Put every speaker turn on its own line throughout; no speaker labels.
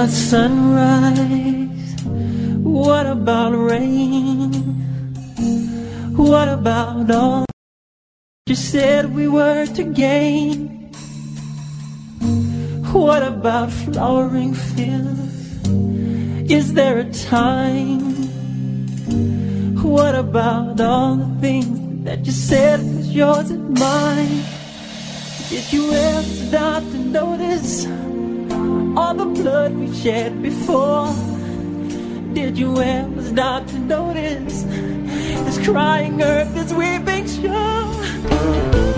about sunrise? What about rain? What about all you said What about flowering fields? Is there a time? What about all the things that you said was yours and mine? Did you ever stop notice? all the blood we shed before. Did you ever stop to notice this crying earth is weeping sure?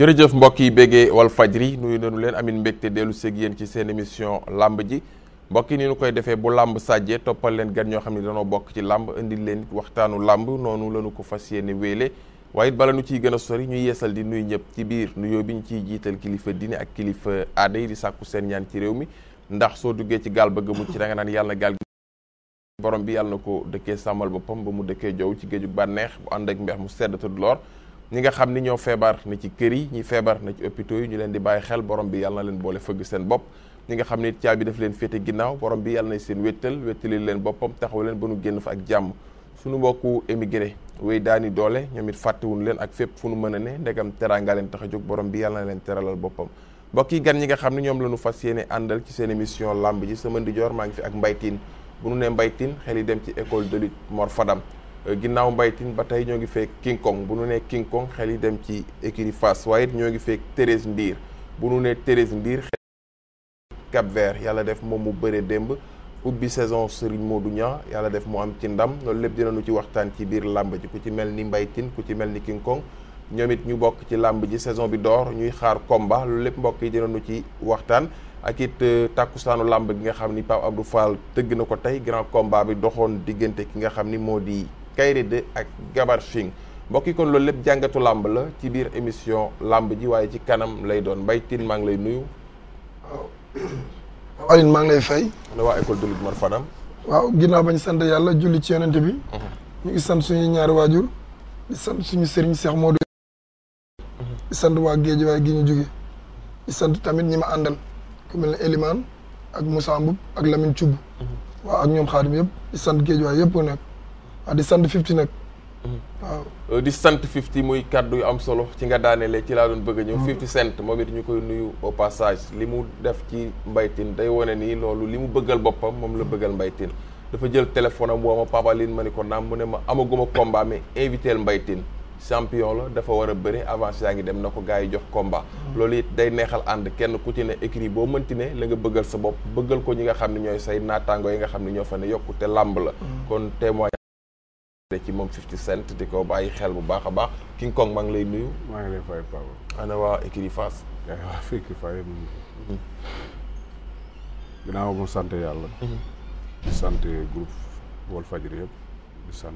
jërëjëf mbokk yi béggee wal fajri nuyu nañu leen amin mbégte dellu seeg yéen ci seen émission làmb ji mbokk ni ñu koy defee bu làmb sàjjee toppal leen gan ñoo xam ne dañoo bokk ci làmb indil leen waxtaanu làmb noonu lañu ko fas yéene wéele waaye it bala nu ciy gën a sori ñu yeesal di nuyu ñëpp ci biir nuyoo bi ñu ciy jiital kilifa diine ak kilifa aada yi di sàkku seen ñaan ci réew mi ndax soo duggee ci gaal bëgg mucc da nga naan yàlla gaal gi borom bi yàlla na dëkkee sàmmal boppam ba mu dëkkee jow ci géejug bànneex ànd ak mbeex mu sedd te du ñi nga xam ni ñoo feebar na ci kër yi ñi feebar na ci hôpitaux yi ñu leen di bàyyi xel borom bi yàlla na leen boole fëgg seen bopp ñi nga xam ni caabi daf leen féete ginnaaw borom bi yàlla na seen wéttal wéttali leen boppam taxaw leen ba nu génn fa ak jàmm suñu mbokku émigré wéy daani doole ñoom it fàttewuñu leen ak fépp fu nu mën a ne ndegam teraanga leen tax a jóg borom bi yàlla na leen teralal boppam mbokk yi gan ñi nga xam ne ñoom la ñu fas yéene àndal ci seen mission lamb ji sama ndijoor maa ngi fi ak mbaytin bu nu ne dem ci école de lutte Mor Fadam Euh, ginnaaw mbaytin ba tey ñoo ngi fekk King bu nu nee King Kong xel yi dem ci écurie Fass waaye ñoo ngi fekk Thérèse Ndiir bu nu nee Thérèse Ndiir xel yàlla def moom mu bëre demb ubbi saison Serigne Modou Niang yàlla def mu am ci ndam loolu lépp dinañu ci waxtaan ci biir làmb ji ku ci mel ni mbaytin ku ci mel ni King ñoom it ñu bokk ci làmb ji saison bi door ñuy xaar combat loolu lépp mbokk yi dinañu ci waxtaan ak it euh, tàkkusaanu làmb gi nga xam ni Pape Abdou Fall tëgg na ko tey grand combat bi doxoon diggante ki nga xam ni moo di Kayridé ak Gabar Ching mbokk yi kon loolu lépp jàngatu làmb la ci biir émission làmb ji waaye ci kanam lay doon Mbaye Tine maa ngi lay nuyu. waaw
Alioune maa ngi lay fay.
la waa école de lutte Mor Fadam.
waaw ginnaaw bañ sant yàlla julli ci yonent bi. Mhm. ñu ngi sant suñu ñaari waajur. di sant suñu sëriñ Cheikh Modou. di sant waa géej waaye gi ñu jóge di sant tamit ñi ma àndal ku mel ne Elimane ak Moussa ak Lamine Thioub. Mhm. waaw ak ñoom xaadim yëpp di sant géej waaye yëpp nag. ah di sant Fifty nag.
Mhm. Euh, di sant Fifty muy kàddu yu am solo ci nga daanelee ci laa doon bëgg a ñëw. Mhm. Fifty Cent moom it ñu koy nuyu au passage li mu def ci mbaytin day wane nii loolu li mu bëggal boppam moom la bëggal mbaytin dafa jël téléphone am woo ma Papa ma ni ko naam mu ne ma amaguma combat mais inviteel mbaytin champion la dafa war a bëri avance yaa ngi dem na ko gars yi jox komba mhm. loolu it day neexal ànd kenn ku ci ne écrit boo mënti ne la nga bëggal sa bopp bëggal ko ñi nga xam ne ñooy say naataango yi nga xam ne ñoo fa ne yokkute làmb la kon témoignage ci moom 50 Cent di ko bàyyi xel bu baax a baax King Kong lay nuyu. maa ngi lay fay Pape. ana waa écurie Fass. waaw fii écurie
sant yàlla. Mhm. di sant groupe yëpp.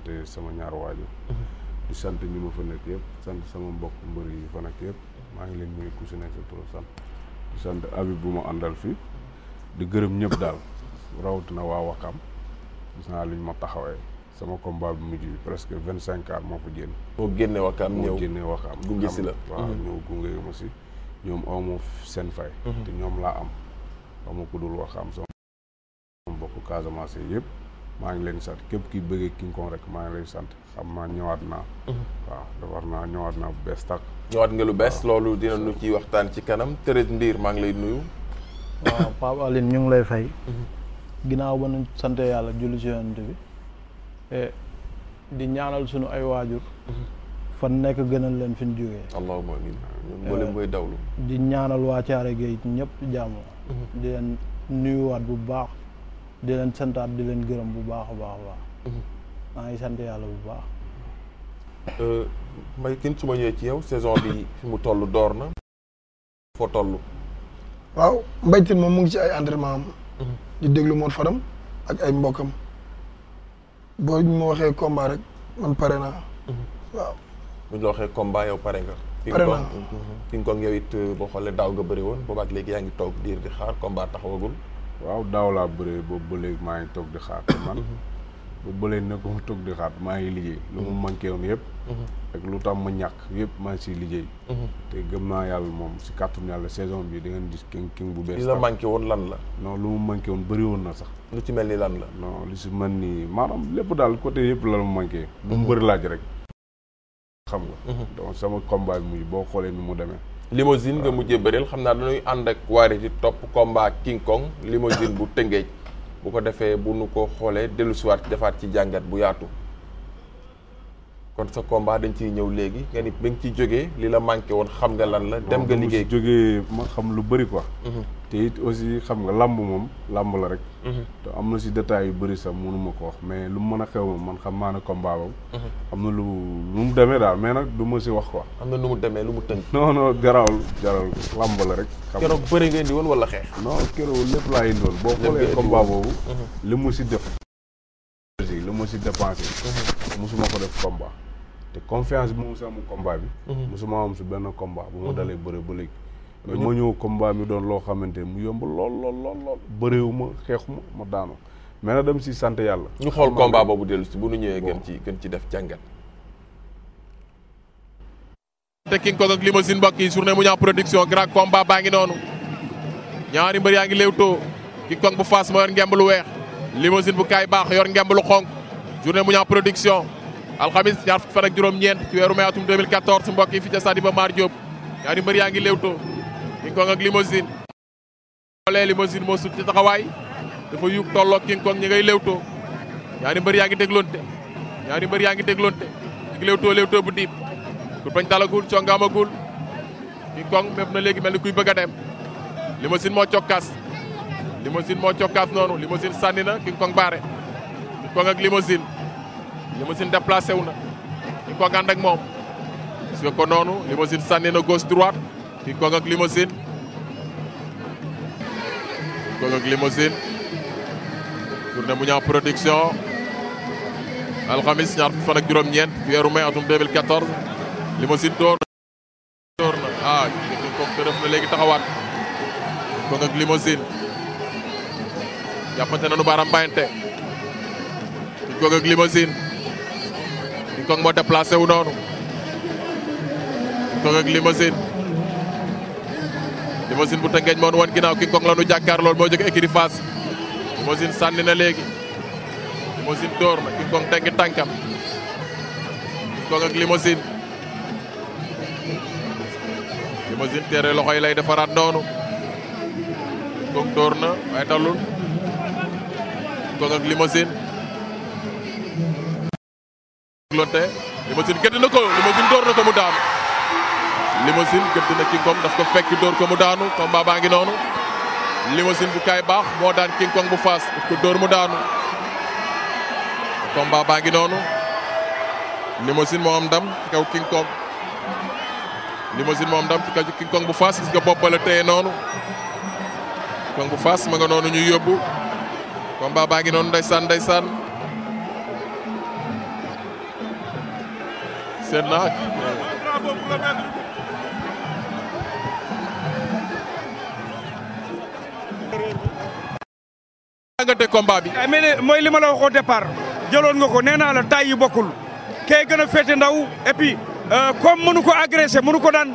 sant sama ñaar waajur. Mhm. di sant ñi fa nekk yëpp. sant sama mbokk mbër yi fa nekk yëpp. maa ngi leen nuyu ku si nekk sa tur sant. di sant Habib bu ma àndal fii. di gërëm ñëpp daal. rawatina waa Wakam. gis naa luñ ma taxawee. sama combat bu mujj bi presque vingt cinq moo fa génn. moo génne waxaam ñëw moo génne waxaam. gunge si la waaw mhm. ñëw gunge ma si. ñoom amoo seen fay. Mhm. te ñoom laa am. amoo ku dul waxaam sama mbokk Casamance yëpp maa ngi
leen sant képp ki bëggee King rek maa ngi lay sant xam naa ñëwaat naa. Mhm. waaw defar naa ñëwaat naa bu bees tàq. ñëwaat nga lu bees loolu dina nu ci waxtaan ci kanam Thérèse ndiir maa ngi lay nuyu.
waaw Pape ñu ngi lay fay. ginnaaw ba nu sante yàlla julli Eh, di ñaanal sunu ay waajur. Mhm. fan nekk gënal leen fi ñu jógee. allahumma amiin eh, mboolem mooy dawlu. di ñaanal waa Thiaré Gueye ñépp jàmm. Mhm. di leen nuyuwaat bu baax. di leen santaat di leen gërëm bu baax a baax a baax. Mhm. maa ngi sant yàlla bu baax.
Eh, Mbaye Tine su ñëwee ci yow saison bi fi mu toll door na. foo toll.
waaw
Mbaye Tine moom mu ngi ci ay entraînement di déglu Mor Fadam ak ay mbokkam. boo ma waxee combat rek man pare naa. Mm-hmm. waaw.
bu ñu la waxee combat yow pare nga. pare naa King Kong mm-hmm. yow it uh, boo xoolee daaw nga bëri woon ak léegi yaa ngi toog diir di xaar combat taxawagul. waaw daaw laa bëree boobu ba léegi maa ngi toog di xaar man. Mm-hmm.
bu bële nag ma toog di xaar maa ngi liggéey lu mu mm-hmm. manqué woon yëpp mm-hmm. lu tax ma ñàkk yëpp maa ngi siy liggéey mm-hmm. te gëm naa yàlla moom si kàttanu yàlla saison bi da ngeen gis king king bu bees li la manqué woon lan la non lu mu manqué woon bëri woon na sax lu ci mel ni lan la non lu si mel ni maanaam lépp daal côté yépp la mu manqué lu mu bëri laaj rek xam nga donc sama combat bi boo xoolee ni mu demee
limousine nga mujjee bëreel xam naa dañuy ànd ak waari ci topp combat king kong limousine bu ko defee bu nu ko xoolee dellusiwaat defaat ci jàngat bu yaatu kon sa combat dañ ciy ñëw léegi nga ni ba nga ciy jógee li la manqué woon xam nga lan la. dem nga liggéey
jógee ma xam lu bëri ko mhm. te it aussi xam nga làmb moom làmb la rek. Mhm. te am na si détails yu bëri sax mënu ma ko wax mais lu mu mën a xew moom man xam maa ne combat bam mhm. am na lu lu mu demee daal mais nag du ma si wax
ko am na lu mu demee lu mu
tënk. non non garawul garawul làmb la rek. xam nga keroog bëri
nga indi woon wala xeex.
non keroog lépp laa indi boo xoolee combat boobu. li mu si def. li mu si dépensé. musuma ko def te confiance bi moom sax mu combat bi. Mhm. mosuma am su benn combat bu ma mhm. dalee bëre ba léegi. mais moo ñëw combat mi doon loo xamante mu yomb lool lool lool lool bëreewuma xeexuma ma daanu mais na dem si sant yàlla. ñu xool combat
boobu dellu si bu nu ñëwee gën ci gën ci def jàngat. te King Kong ak Limousine mbokk yi journée mu ñaax production grand combat baa ngi noonu ñaari mbër yaa ngi léewtoo King Kong bu faas moo yor ngemb lu weex Limousine bu kaay baax yor ngemb lu xonk journée mu ña production. alxamis ñaar fukki fan ak juróom-ñeent ci weeru mai atum 2014 mbokk yi fi ca Stade Iba Mar ñaari mbër ngi léewtoo King ak limousine. xoolee limousine moo sut ci taxawaay dafa yug tolloo King Kong ñi ngay léewtoo ñaari mbër yaa ngi dégloonte ñaari mbër yaa ngi dégloonte ñu ngi léewtoo léewtoo bu kur bañ dalagul congaamagul King Kong mépp na léegi mel ni kuy bëgg a dem limousine moo cokkaas limousine moo cokkaas noonu limousine sànni na King Kong baare King ak limousine limousine déplacé wu na ki ko moom gis nga ko noonu limousine sànni na gauche droite ki ko ak limousine ki ko ak limousine tournée bu ñaaw production alxamis ñaar fukki fan juróom-ñeent weeru mai atum 2014 limousine door door na ah ki ko def na léegi taxawaat ki ko ak limousine jàppante nañu ki ko ak King Kong moo déplacé wu noonu King Kong ak limousine limousine bu tëngeej moo nu woon ginnaaw King Kong la nu jàkkaar lool moo jóge écurie Fass limousine sànni na léegi limousine door na King Kong teggi tànkam King Kong ak limousine limousine teere loxo yi lay defaraat noonu King Kong na waaye dalul ak limousine jongonte Limousine gëdd na ko Limousine door na ko mu daanu Limousine gëdd na King daf ko fekk door ko mu daanu combat baa ngi noonu Limousine bu kaay baax moo daan King Kong bu faas daf ko door daanu combat baa ngi noonu Limousine moo am ndam ci kaw King Kong Limousine moo am ndam ci kaw King Kong bu faas gis nga noonu King Kong bu faas ma nga yóbbu combat baa ngi noonu ndeysaan ndeysaan seen na ak
jàngate combat bi mais mooy li ma la waxoo départ jëloon nga ko nee naa la taay yi bokkul kee gën a ndaw et puis euh, comme ko agressé mënu ko daan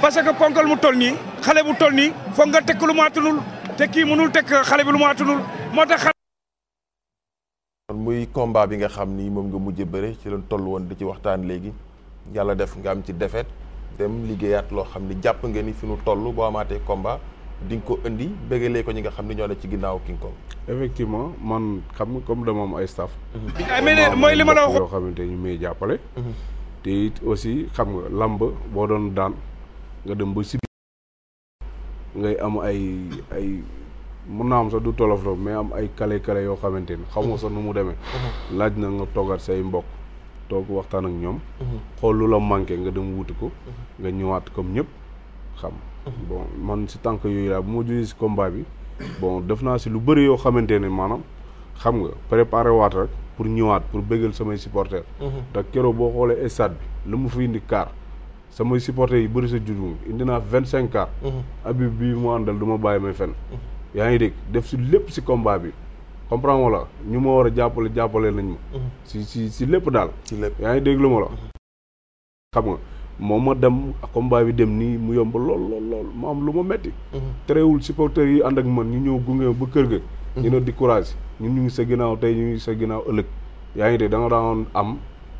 parce que ponkal mu toll nii xale bu toll nii foog nga tekk lu mu attanul te kii mënul tekk xale bi lu mu attanul moo tax
muy combat bi nga xam ni moom nga mujje bëre ci lañ toll woon di ci waxtaan léegi yàlla def nga am ci défaite dem liggéeyaat loo xam ni jàpp nga ni fi nu toll boo amaatee combat di nga ko indi bégalee ko ñi nga xam ni ñoo ne ci ginnaaw King Kong.
effectivement man xam nga comme dama am ay staff.
Ah, mooy li ma la wax yoo
xamante ñu may jàppale. Mhm. te it aussi xam nga làmb boo doon daan nga dem ba si ngay am ay ay. mun naa am sax du tolof la mais am ay kale kale yoo xamante ni xamoo sax nu mu demee. Mhm. laaj na nga toogaat say mbokk toog waxtaan ak ñoom. Mhm. xool lu la manqué nga dem wuti ko. Mhm. nga ñëwaat comme ñëpp xam. bon man si tànk yooyu laa bu ma jógee si combat bi bon def naa si lu bëri yoo xamante ne maanaam xam nga préparé waat pour ñëwaat pour bëggal samay supporters. boo xoolee stade bi lu mu fi indi kaar. samay supporters yi bëri sa juddu indi naa vingt cinq kaar. Habib bii mu àndal du ma bàyyi may fenn. yaa ngi dégg def si lépp si combat bi comprendre nga la ñu ma war a jàppale jàppale nañ ma. Mhm. si si si lépp daal. si lépp yaa ngi dégg lu ma la. Mhm. xam nga moom ma dem combat bi dem nii mu yomb lool lool lool am lu ma metti mhm. terewul supporters yi ànd ak man ñu ñëw gunge ba kër ga. ñu ne di courage ñun ñu ngi sa ginnaaw tey ñu sa ginaaw ëllëg. yaa ngi dégg da nga daan am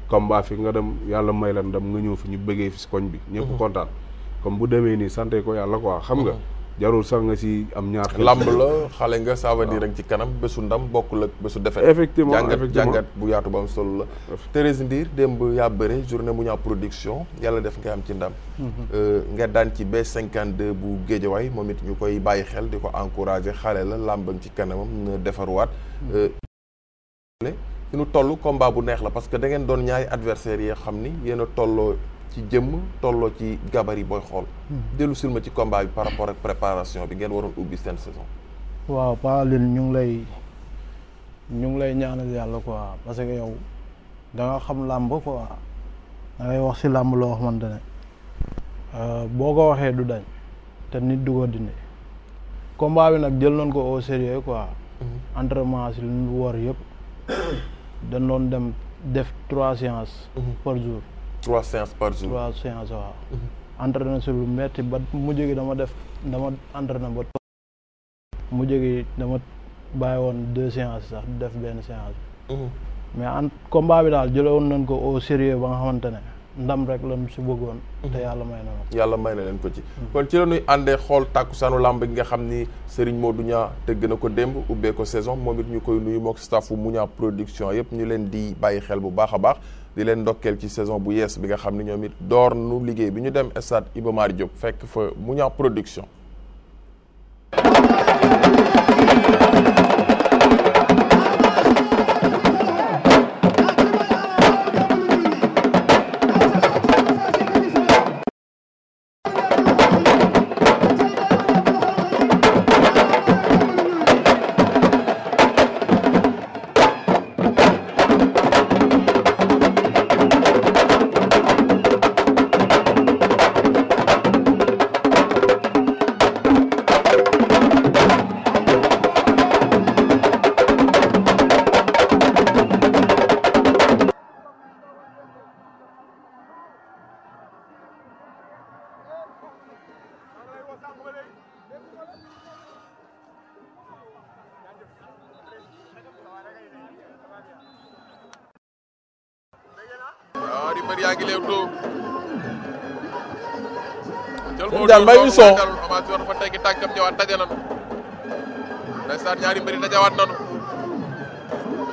combat fi nga dem yàlla may la ndam nga ñëw fi ñu bëggee fi si koñ bi. ñëpp kontaan comme bu demee nii sante ko yàlla quoi xam nga. jarul sax nga si
am ñaar. làmb la xale nga ça veut rek ci kanam bésu ndam bokkul ak bésu defet. effectivement jàngat jàngat bu yaatu ba am solo la. Thérèse Ndir démb yaa bëre journée bu ñaa production yàlla def nga am ci ndam. Mhm. Euh, nga daan ci cinquante 52 bu way moom it ñu koy bàyyi xel di ko encouragé xale la lambam ci kanamam na defarwaat. Mhm. Euh, fi nu toll combat bu neex la parce que da ngeen doon ñaari adversaires yi xam ni yéen a tolloo. ci jëmm tolloo ci gabarit booy xool. Hmm. dellu silma ci combat bi par rapport ak préparation bi ngeen waroon ubbi
seen saison. waaw Pa Aline ñu ngi lay ñu ngi lay ñaanal yàlla quoi parce que yow danga xam làmb quoi da ngay wax si làmb loo xamante ne euh, boo ko waxee du dañ te nit du ko dindi bi nag jël nañ ko au sérieux quoi. Hmm. entraînement si lu ñu war yëpp dañ doon dem def trois séances hmm. par jour.
trois séances par jour trois
séances waaw. Mm-hmm. entraîné si lu metti ba mujj gi dama def dama entraîné ba mu mujj gi dama bàyyi woon deux séances sax def benn séance. Mm-hmm. mais en combat bi daal jëlee woon nañ ko au sérieux ba nga xamante ne ndam rek lañ su bëggoon. Mm-hmm. te yàlla may na
yàlla may na leen ko ci. kon ci la ñuy àndee xool tàkkusaanu làmb gi nga xam ni moo Modou Niang tëgg na ko démb ubbee ko saison moom it ñu koy nuyu mook staffu Mouniang production yëpp ñu leen di a di leen ndokkeel ci saison bu yees bi nga xam ne ñoom it door nu liggéey bi ñu dem stade Iba Mar fekk fa Mouniang Production ndeysaan Mbaye Sow amateur fa teggi tànkam ñëwaat daje nañu ndeysaan ñaari mbir yi dajawaat nañu mu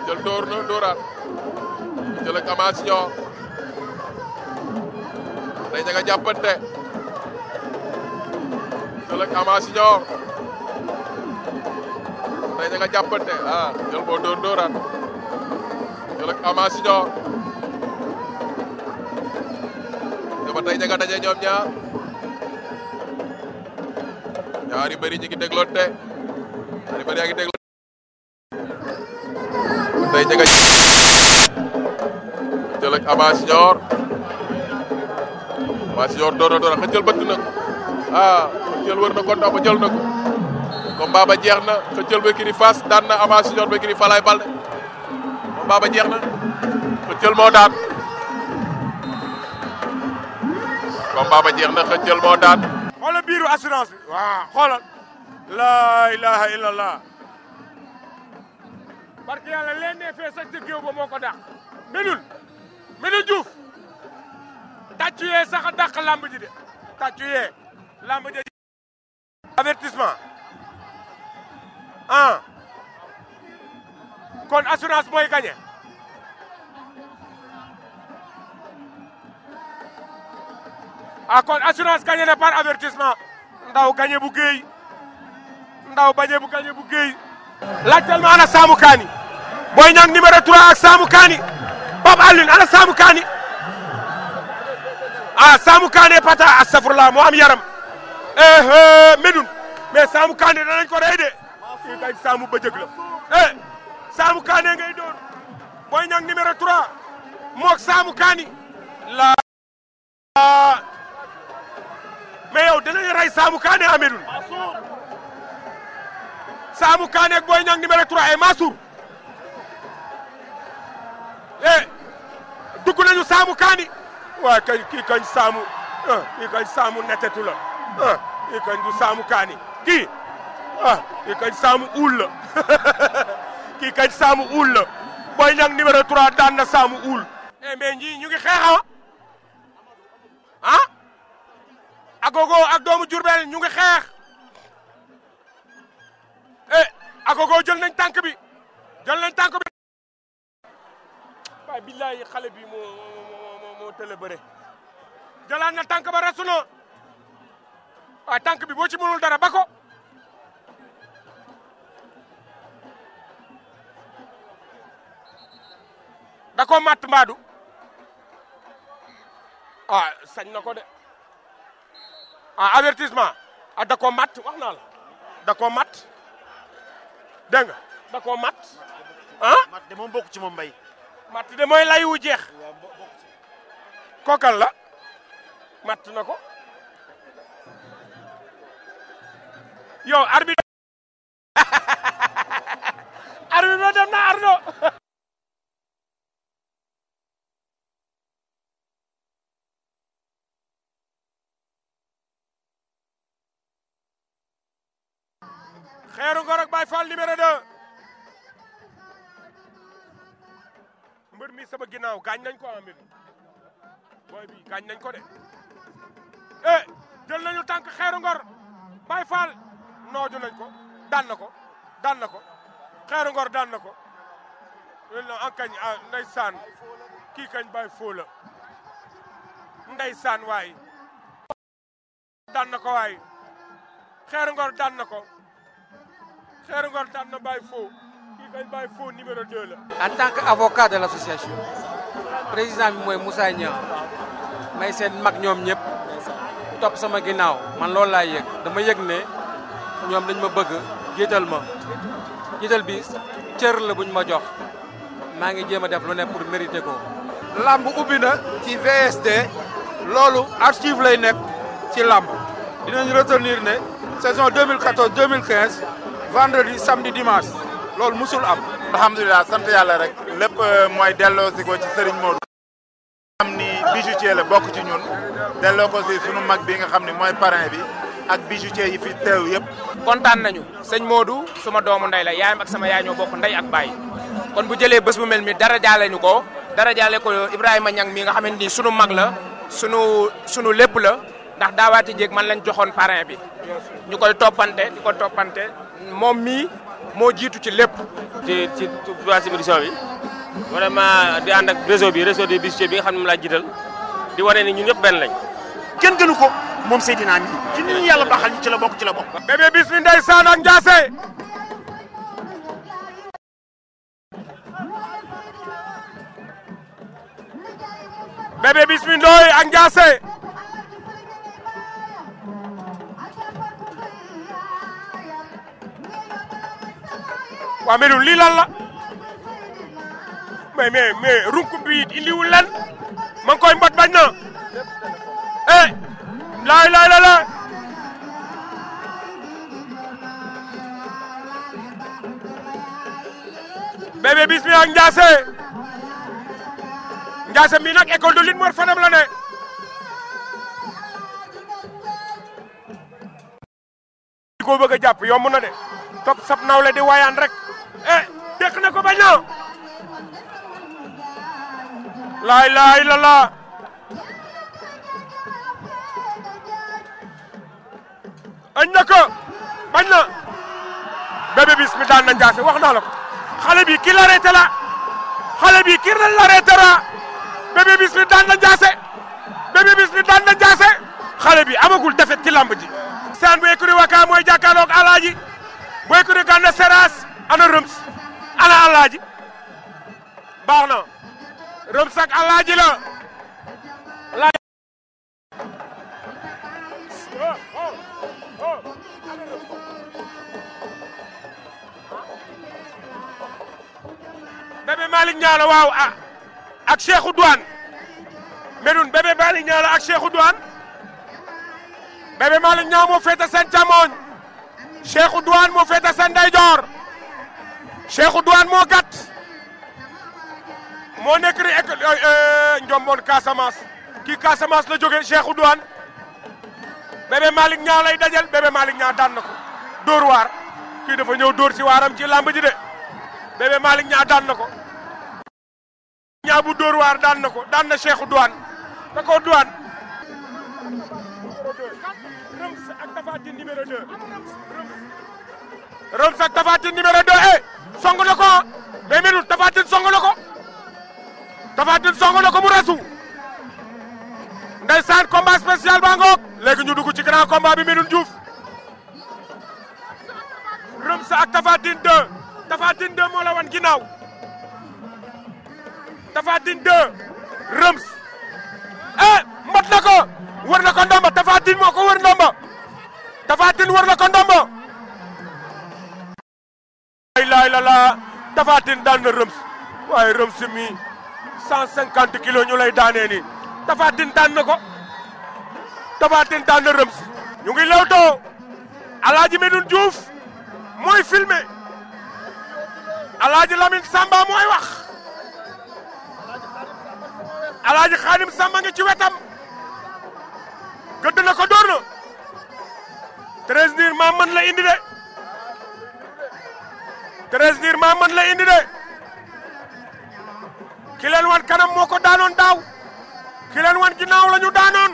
jël dóor na dóoraat mu jël ak amaas ñoo day ña nga jàppante mu jël ak amaas ñoo day ña nga jàppante ah jël boo dóor dóoraat mu jël ak amaas ñoo te ba tey ña nga daje ñoom ñaar ñaari bëri ñu ngi dégloonte ñaari bëri yaa ngi dégloonte tey ña nga jël ak Ama Siñoor Ama Siñoor door na door na xëccal bëtt na ko ah xëccal wër na ko ndax ba jël na ko combat ba jeex na xëccal ba kii Fass daan na Ama Siñoor ba kii Falaye Balde combat ba jeex na xëccal moo daan combat ba jeex na xëccal moo daan.
biiru assurance bi waaw xoolal laa ilaha illallah barke yàlla fee sax ci géew ba moo ko dàq melul melul Diouf tàccu yee sax a dàq de tàccu yee lamb ji kon assurance mooy gagné ah kon assurance gagné par avertissement ndaw gañe bu géey ndaw bañe bu gañe bu géey laajtal ma ana Saamu Kaani Boy Niang numéro 3 ak Saamu Kaani Pape Alioune ana Saamu Kaani ah Saamu Kaani pata astafurlah moo am yaram eh, eh medun mais Saamu Kaani danañ ko rey Saamu bëjëg la eh Saamu Kaani ngay doon Boy Niang numéro 3 moog Saamu Kaani la mais yow dinañ rey Saamu Kaane Amirul Saamu Kaane ak Boy Niang numéro 3 et eh, Mansour eh dugg Saamu Kaani waaye kañ kii kañ Saamu eh, kii kañ Saamu netetu eh, kii kañ du Saamu Kaani kii kii kañ Saamu uul la kii kañ Saamu uul la Boy Niang numéro 3 daan na Saamu uul. eh mais ñii ñu ngi xeex ah. ah? Agogo ak doomu Diourbel ñu ngi xeex eh jël nañ tànk bi jël nañ tànk bi. waaye billaay xale bi moo moo moo moo tële bëre jëlaat na tànk ba resu na waaye bi boo ci mënul dara ba ko. da koo màtt sañ na ko de. ah avertissement ah da koo mat wax naa la da koo mat dégg nga da koo mat ah. mat de moom bokk mat de mooy lay wu jeex. kookal la mat na ko yow arbitre arbitre def na ardo Xeeru Ngor ak Baye Fall numéro 2. mi sama ginnaaw gaañ nañ ko ah bi gaañ nañ ko de. eh jël nañu tànk Xeeru Ngor Baye Fall nooju nañ ko daan ko daan ko Xeeru Ngor daan ko. loolu la en kañ ah ndeysaan kii kañ Baye Fall la ndeysaan waay. daan ko waay Xeeru Ngor na ko. Xeeru Ngor tànn na Baye Fo kii koy Baye Fo numéro 2 la. en tant président bi mooy Moussa Niang may seen mag ñoom ñëpp topp sama ginnaaw man loolu laay yëg dama yëg ne ñoom dañ ma bëgg jiital ma jiital bi cër la buñ ma jox maa ngi jéem a def lu ne pour mériter ko. lamb ubbi na ci VSD loolu archive lay nekk ci lamb dinañ retenir ne saison vendredi samedi dimanche loolu musul am. alhamdulilah sant yàlla rek lépp euh,
mooy delloo si ko ci sëriñ Modou. xam ni bijoutier la bokk ci ñun delloo sunu mag bi nga xam ni mooy parrain bi ak bijoutier yi fi teew yëpp. kontaan nañu
sëñ Modou suma doomu ndey la yaayam ak sama yaay ñoo bokk ndey ak baay kon bu jëlee bés bu mel mi dara jaale ñu ko dara jaale ko Ibrahima Niang mi nga xamante nii sunu mag la sunu sunu lépp la ndax daawaati jéeg man lañ joxoon parrain bi ñu koy toppante di ko toppante. moom mii moo jiitu ci lépp. ci ci troisième édition bi vraiment di ànd ak réseau bi réseau des bijoutiers bi nga xam ne moom laa jiital di wane ni ñun ñëpp benn lañ. kenn gënu ko moom Seydina mi ci ni ñu yàlla baaxal ci la bokk ci la bokk. bébé bis mi ndeysaan ak Ndiassé. bébé waaw mais loolu lii lan la mais mais mais runk bi indiwul lan koy mbot bañ na eh laay laay la la Bébé Bismi ak Ndiassé Ndiassé mi nag école de lutte Mor la ne di ko bëgg a jàpp yomb na de topp sab nawle di waayaan rek eh dëkk na ko bañ na laay laay la la añ na ko bañ na bébé bis mi daan na jaase wax naa la ko xale bi ki l'arrêté la xale bi ki l'arrêté la bébé bis mi daan na jaase bébé bis mi daan na jaase xale bi amagul defet ci lamb ji saan bu écurie Wakaam mooy jàkkaarloog alaaji bu écurie Gana Seras ana rëms ana alaaji baax na rëms ak alaaji la laaj bébé Malick Ndiallo waaw ah, ak Cheikhou Douane Medoune bébé Malick Ndiallo ak Cheikhou Douane bébé Malick Ndiallo moo féete seen càmmoñ Cheikhou Douane moo féete Cheikhou Douane moo gàtt moo nekk ni ek euh, euh, njomboon Casamance kii Casamance la joge Cheikhou Douane bébé Malick Niang lay dajal bébé Malick Niang daan na ko dóor waar kii dafa ñëw dóor si waaram ci làmb ji de bébé Malick Niang daan na ko Niang bu dóor waar daan na ko daan na Cheikhou Douane da ko Douane Reum ak Tapha numéro 2 Reum ak Tapha numéro 2 eh song na ko day melul Tapha Tine song na ko Tapha Tine song na ko mu rasu ndeysaan ba ngoog léegi ñu dugg ci grand combat bi Medoune Diouf Reumsa ak Tapha Tine 2 Tapha Tine 2 moo la wan ginnaaw Tapha Tine 2 Reums eh mat na wër na ko ndomba Tapha moo ko wër ndomba Tapha Tine wër na ko ay laay la tafaatin daan na rëms waaye rëms mi kilos ñu lay daanee nii tafaatin daan na ko tafaatin daan na rëms ñu ngi lewtoo alaaji Medoune Diouf mooy filmé alaaji Lamine Samba mooy wax alaaji Xaadim Samba ngi ci wetam gëdd na ko dóor na 13 niir mën la indi de Thérèse Virement mën la indi de ki wan kanam moo ko daanoon daaw ki wan ginnaaw la ñu daanoon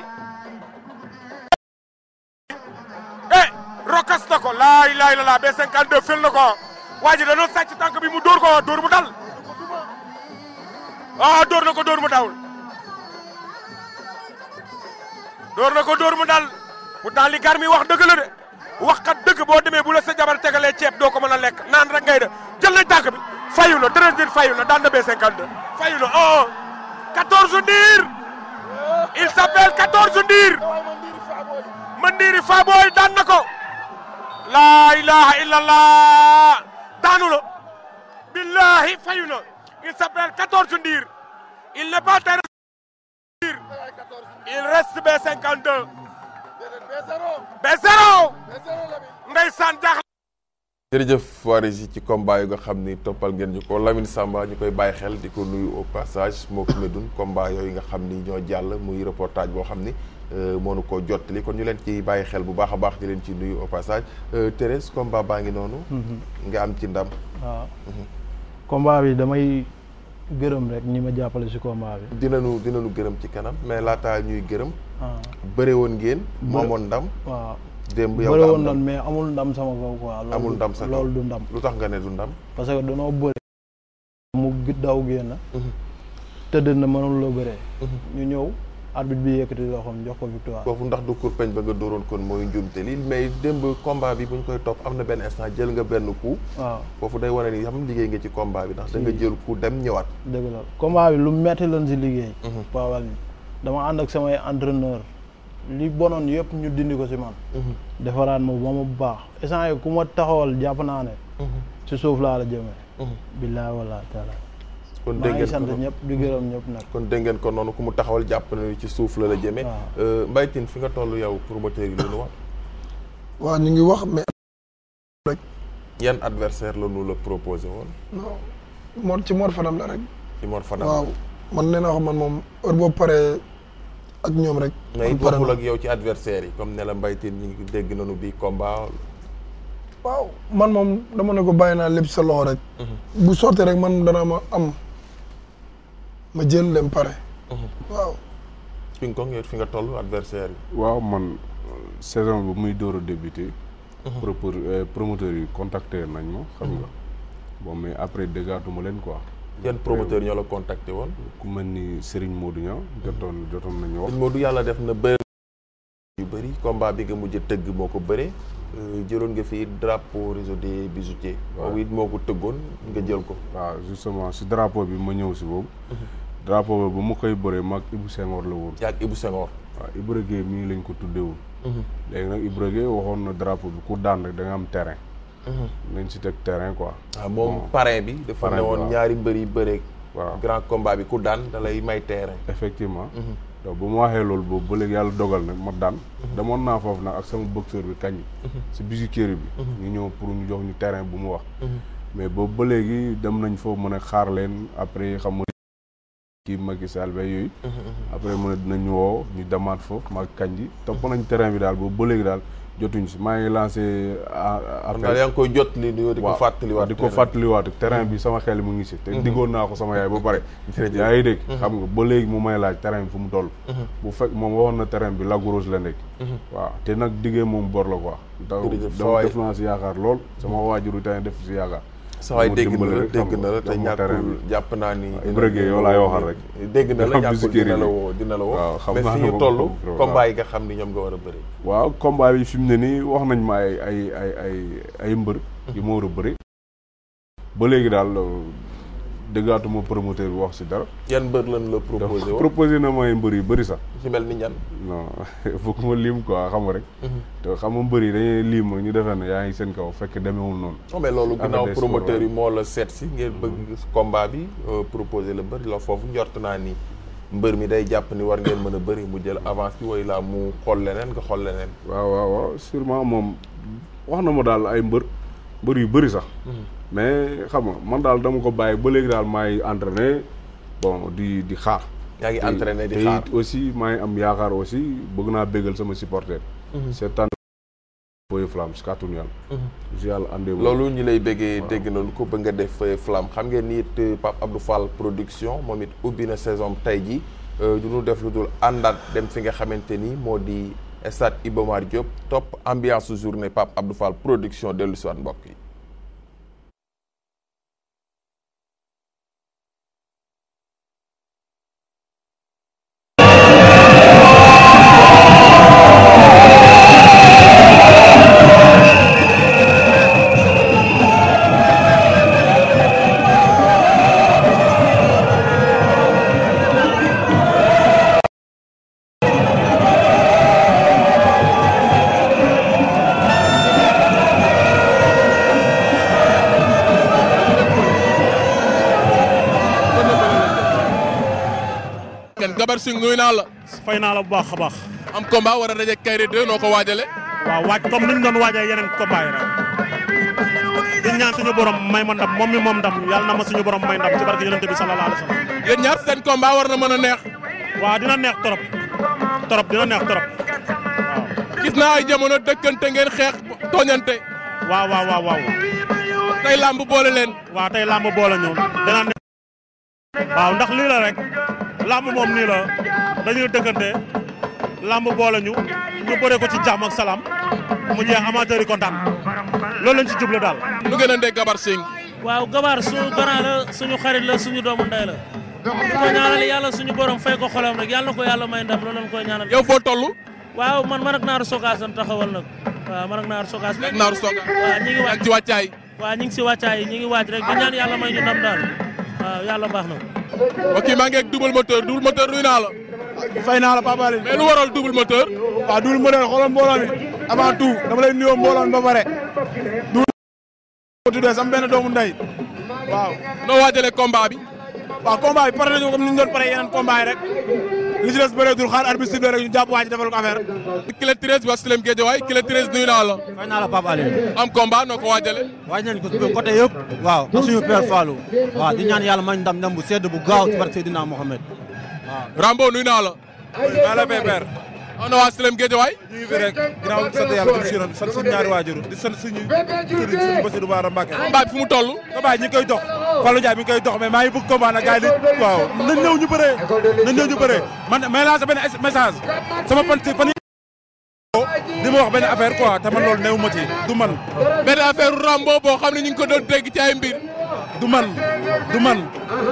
eh rokas na ko laay laay la laa B52 fel na ko waa ji da doon sàcc tànk bi mu dóor ko dóor mu dal ah dóor na ko dóor mu dawul dóor na ko dóor mu dal pourtant li gar mi wax dëgg la de waxkat dëgg boo demee bu la fayu na daan na B52 fayu na oh 14 Ndir il s'appelle 14 Ndir ma Ndiri Faboy daan na ko laa ilaha illallah daanu la billahi fayu na il s'appelle 14 Ndir il n'est pas terre il reste B52 B0 b jaax
jërëjëf waaris yi ci combat yu nga xam ni toppal ngeen ñu ko Lamine Samba ñu koy bàyyi xel di ko nuyu au passage moo ko medun combat yooyu nga xam ni ñoo jàll muy reportage boo xam ni euh, moonu ko jottali kon ñu leen ci bàyyi xel bu baax a baax di leen ci nuyu au passage euh, Thérèse combat baa ngi noonu mm-hmm. nga am ci ndam waaw mm-hmm.
combat bi damay gërëm rek ñi ma jàppale si combat bi
dinañu dinañu gërëm ci kanam mais laata ñuy gërëm ah. bëre woon ngeen moomoon ndam démb yow bëri woon nañ
mais amul ndam sama kaw quoi. amul ndam sa kaw loolu du ndam. lu tax nga ne du ndam. parce que danoo bëri. mu daw génn. Mhm. tëdd na mënul loo bëree. Mhm. ñu ñëw arbitre bi yëkkati loxoom njox ko victoire. foofu
ndax du kur peñ ba nga dóoroon kon mooy njuumte lii mais démb combat bi bu ñu koy topp am na benn instant jël nga benn ku waaw foofu day wane ni xam liggéey nga ci combat bi ndax da nga jël coup dem ñëwaat.
dëgg la combat bi lu metti lan si liggéey. Mhm. Pawal dama ànd ak samay li bonoon yëpp ñu dindi ko si man. Mhm. defaraat ma ba mu baax instant yi ku ma taxawal jàpp naa ne. si mhm. suuf laa la jëmee. Mhm. billaay wala taala.
kon dégg ngeen sant ñëpp
di gërëm ñëpp nag.
kon dégg ngeen ko noonu ku mu taxawal jàpp na ci suuf la la ah. jëmee. waaw euh, Mbaye Tine fi nga toll yow promoteur yi lu ñu wax.
waaw ñu ngi wax mais.
rek. yan adversaire la ñu la proposé woon.
non moom ci Mor Fadam la rek.
ci Mor Fadam waaw
man nee wax man moom heure boo paree. ak ñoom rek. mais waxul ak
yow ci adversaire yi comme ne la Mbaye Tine ñu ngi dégg na nañu bii combat.
waaw man moom dama ne ko bàyyi naa lépp sa loxo rek. Mhm. bu sottee rek man dana ma am ma jël leen pare. Mhm. waaw.
ping fi nga toll adversaire yi.
waaw man saison bu muy door a débuté. Mhm. Euh, promoteur yi contacter nañ ma xam nga. bon mais après déggaatuma leen quoi. yan promoteur ñoo la contacté woon. ku mel ni Serigne moo Niang
jotoon jotoon nañu wax. Serigne Modou yàlla def na bëri yu bëri combat bi nga mujj tëgg moo ko bëree. Euh, jëloon nga fi drapeau réseau des bijoutiers. waaw it moo ko tëggoon nga jël ko.
waa justement si drapeau bi ma ñëw si boobu. Mhm. drapeau bi bu ma koy bëree maag Ibou Senghor la woon. yaa ak Ibou Senghor. waaw Ibou mii lañ ko tuddee woon. Mhm. léegi nag Ibou Guèye waxoon na drapeau bi ku daan rek da nga am terrain. nañ si mhm. teg terrain quoi. waaw ah, moom parrain bi. dafa ne woon ñaari
mbër yi bëreeg. waaw grand combat bi ku daan da lay may terrain. effectivement. Mhm.
donc bu ma waxee loolu boobu ba léegi yàlla dogal nag ma daan. Mhm. demoon naa foofu nag ak sama boxeur bi kañ. si bijoutier bi. ñu ñëw pour ñu jox ñu terrain bu mu wax. mais boobu ba léegi dem nañ foofu mën a xaar leen après xam ma nga mag Macky Sall ba yooyu. après mën a dinañ woo ñu demaat foofu mag kañ ji topp nañ terrain bi boobu ba léegi daal. jotuñ si maa ngi lancé. appel ah, ah, daal yaa ngi koy jot
li di ko fàttaliwaat. di ko fàttaliwaat
terrain bi mm-hmm. sama xel mu ngi si. te mm-hmm. diggoon naa ko sama yaay ba pare. yaa ngi dégg. Mm-hmm. xam nga ba léegi mu may laaj terrain bi fu mu toll. bu fekk moom waxoon na terrain bi Lac Rose la nekk. waaw te nag diggee moom bor la quoi. dama def naa si yaakaar lool sama
waajur yi tamit def si yaakaar.
sawaay dégg na la dégg na la te ñàkkul
jàpp naa ni brëgee yow laay waxal rek dégg na la ñàkkul dina la woo dina la woo mais fi ñu toll combat yi nga xam ni ñoom nga war a bëri
waaw combat bi fi mu ne nii wax nañ ma ay ay ay ay ay mbër hmm. yi ma war a bëri ba léegi daal dëggaatuma promoteur bi wax si
dara. yan mbër lan la proposé woon
proposé na ma ay mbër yu bëri sax. si mel ni ñan. non foog ma lim quoi xam nga rek. Mhm. te xam mbër yi dañuy lim ñu defee ne yaa ngi seen kaw fekk demewul noonu. non mais loolu ginnaaw promoteur yi
moo la seet si ngeen bëgg mhm. combat bi euh, proposé la mbër la foofu njort naa nii mbër mi day jàpp ni war ngeen mën a bëri mu jël avance bi way laa mu xool leneen nga xool leneen.
waaw waaw waaw sûrement moom wax na ma daal ay mbër mbër yu bëri sax. Mhm. mais xam nga man daal dama ko bàyyi ba léegi daal maay entraîné bon di di xaar. yaa ngi entraîné di xaar aussi maa ngi am yaakaar aussi bëgg naa bégal sama supporter. Mhm. seetaan fooy flamme si kàttanu yàlla. si yàlla loolu ñu lay béggee
dégg na lu ko bëgg a def fooy flamme xam ngeen ni it euh, Pape Abdou Fall production moom it ubbi na saison tey jii euh, du ñu def lu dul àndaat dem fi nga xamante ni moo di stade Iba Mar Diop topp ambiance su journée Pape Abdou Fall production dellu si waat mbokk yi. Omar Sing nuyu la. fay naa la bu baax a baax. am combat war a daje Kaïré 2 noo ko waajalee. waaw waaj comme ni ñu doon waajee yeneen combat yi di ñaan suñu borom may ma ndam moom mi moom ndam yàlla na ma suñu borom may ndam ci barke yonent bi sallallahu alayhi wa sallam. yéen ñaar seen combat war na mën a neex. waaw dina neex trop. trop dina neex trop. waaw. gis naa ay jamono dëkkante ngeen xeex tooñante. waaw waaw waaw waaw.
tey làmb boole leen. waa tey làmb boole ñoom. dina neex. waaw làmb moom nii la dañuy dëkkante làmb boole ñu
ñu bëre ko ci cam ak salaam mu jeex amateur yi kontaan loolu lañ ci jublu daal. lu gën a ndee Gabar Singh. waaw Gabar suñu grand la suñu xarit la suñu doomu ndey la. ñu ko ñaanal yàlla suñu borom fay ko xolam rek yàlla ko yàlla may ndam loolu lañ koy ñaanal. yow foo toll.
waaw man man ak Naar Sokaas lan taxawal nag waaw man Naar Sokaas. ak Naar Sokaas waaw ñu waaw ñu ngi si wàccaay ñu ngi waaj rek di ñaan yàlla may ñu ndam
baax
ok maa ngi ak double moteur double naa la. fay naa la Pape Alioune. mais lu waral double moteur.
waaw double moteur xoolal mbooloo mi avant tout dama lay nuyoo mbooloo mi sama benn doomu ndey waaw. noo waajalee combat bi. waaw combat pare
nañu comme ni ñu pare yeneen combat rek. li ci des bëreetul xaar arbitre sifflé rek ñu jàpp waa ji defal ko affaire. Kile 13 Wasilem Guédiawaye Kile 13 nuyu naa la. fay naa la Pape Aliou. am combat noo ko waajale waaj nañ ko côté yëpp.
waaw ak suñu père Fallou. waaw di ñaan yàlla mañ ndam ndam bu sedd bu gaaw ci
barke Seydina Mohamed waaw. Rambo nuyu naa la. maa la fay père. ana waa Sëlëm Géejawaay
ñu ngi fi rek ginnaaw bi sant yàlla jëm si yoon sant suñu ñaari
waajur di sant suñu
sëriñ suñu Bassirou Bara Mbacké combat bi fu mu toll combat ñi ngi koy dox Fallou Ndiaye mi ngi koy dox mais maa ngi bëgg combat nag
ñu bëree nañ ñu bëree man may lancé benn sama fan fan di ma wax benn affaire quoi te man loolu néew ma ci du man benn affaire Rambo boo
xam na ñu ko doon dégg ci ay mbir du man
du man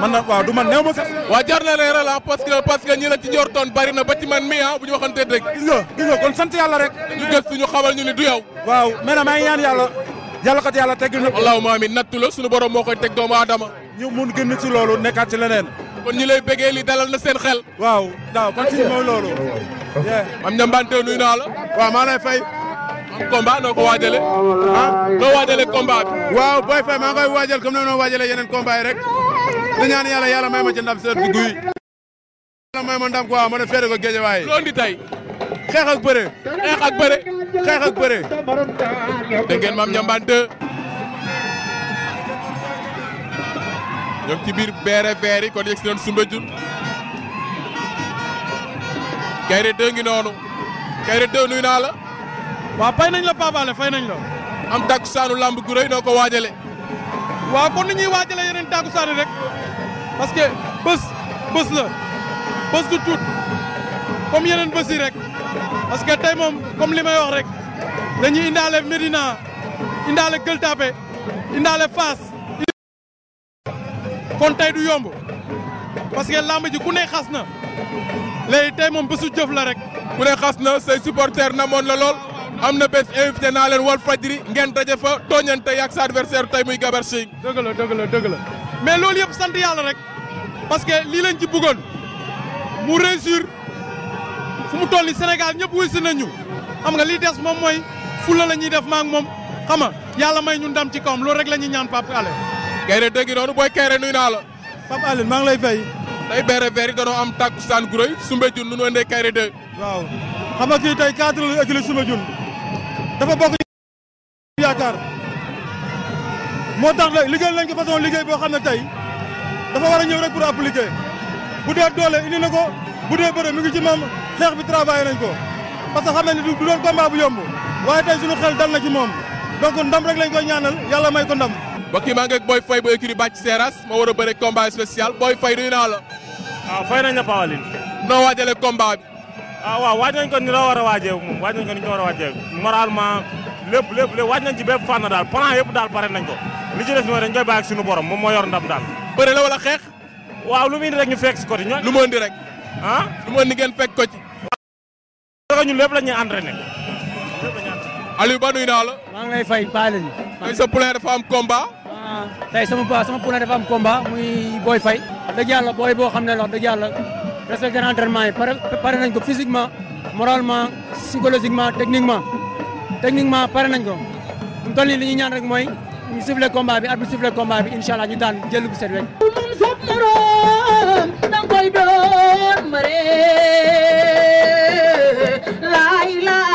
man na
waaw du man néew ma sax. waaw jar na leeral ah parce que parce la ci njortoon bari na ba ci man mi ah bu ñu waxantee dëgg. gis nga gis nga kon sant yàlla rek. ñu gëstu ñu xamal ñu ni waaw mais nag maa ñaan yàlla yàlla kat yàlla teggil na. allahumma amiin nattu la suñu borom moo koy teg doomu aadama. ñu mun génn ci loolu nekkaat ci kon ñi lay bëggee li dalal na seen xel. waaw daaw kon si mooy loolu. am na mbante nuyu naa la. waaw maa lay combat noo ko waajalee ah noo waajalee combat bi. waaw Boy Faye maa ngi koy waajal comme ni ma waajalee yeneen combat rek di ñaan yàlla yàlla may ma ci ndam seet guy. yàlla may ma ndam quoi ma ne féere ko géej waaye. loolu di tey. xeex ak bëre. xeex ak bëre. xeex ak beere beer yi kon yegg si leen Soumbédioune. Gaye 2 ngi noonu. Gaye naa la. waaw fay nañ la Pape fay nañ la. am takkusaanu lamb gu rëy noo ko waajale waaw kon ni ñuy waajale yeneen takkusaan rek parce que bés
bés la bés du tuut comme yeneen bés rek parce que tey moom comme li may wax rek dañuy indaale Médina indaale Gueule Tapée
indaale Fass kon tey du yomb parce que lamb ji ku ne xas na léegi tey moom bésu jëf la rek ku ne xas na say supporters namoon la lool am na bés invité naa leen Walfadjri ngeen daje fa tooñante ak sa adversaire tey muy Gabar Singh. dëgg la dëgg la mais loolu yëpp sant yàlla rek parce que lii
lañ ci bëggoon mu réussir fu mu toll senegal ñëpp wuy si nañu xam nga li des moom mooy fulla la ñuy def maak moom xam nga yàlla may ñu ndam ci
kawam loolu rek la ñuy ñaan Pape Alé. Kayre dëgg noonu booy Kayre nuyu naa la. Pape Alé maa ngi lay fay. tey beere beere yi am tàkkusaan gu rëy Soumbédioune nu ñu andee Kayre 2. waaw xam nga kii tey cadre la école Soumbédioune dafa bokk ci yaakaar
moo tax nag liggéey lañ ko façon liggéey boo xam ne tey dafa war a ñëw rek pour appliquer bu dee doole indi na ko bu dee bëre mu ngi ci moom xeex bi travaillé nañ ko parce que
xam nañ ne du doon combat bu yomb waaye tey suñu xel dal na ci moom donc ndam rek lañ koy ñaanal yàlla may ko ndam. mbokk yi maa ngi ak Boy Faye bu écurie Bathie Seras ma war a bëre combat spécial Boy Faye nuyu naa la. waaw ah, fay nañ la Pawalin. noo waajalee combat bi. ah waaw waaj nañ ko ni la war a waajee
moom waaj nañ ko ni ñu war a waajee moralement lépp lépp lépp waaj nañ ci bépp fànn daal plan yëpp daal pare nañ ko li ci des mooy dañ koy bàyyi ak suñu borom moom moo yor ndam daal bëre la wala xeex waaw lu mu indi ñu fekk si côté ñoo lu mu indi rek ah lu mu gen ngeen fekk ko ci waaw ñun lépp la ñuy
entraîné Aliou Ba nuyu naa la maa ngi lay fay baa lañ tey sa poulain dafa am komba ah, tey sama sama poulain dafa am combat muy Boy Faye dëgg yàlla booy boo
xam ne la dëgg yàlla respecté na entraînement yi pare pare nañ ko physiquement moralement psychologiquement techniquement techniquement pare nañ ko mu toll nii li ñu ñaan rek mooy ñu sifflé combat bi at bi sifflé combat bi incha allah ñu daan jël bu set wecc.
koy doon mare laay laay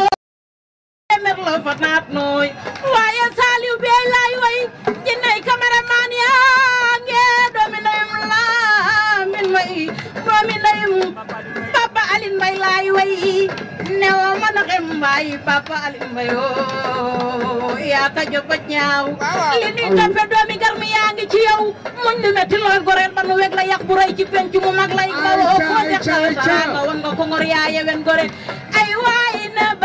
fa naat nooy waaye saaliw beey laay way jinnay kamaramaan yaa nge doomi ndeyum laamin way doomi ndeyum papa alin mbay laay way newo mana xem mbay papa alin mbayo yaa ta jopa ñaaw li nuy toppe doomi garmi ngi ci yow muñ lu metti looy goreet ba nu weg la yàq bu rëy ci mu mag lay bawoo ko dex sa saana wan nga ko ngor yaa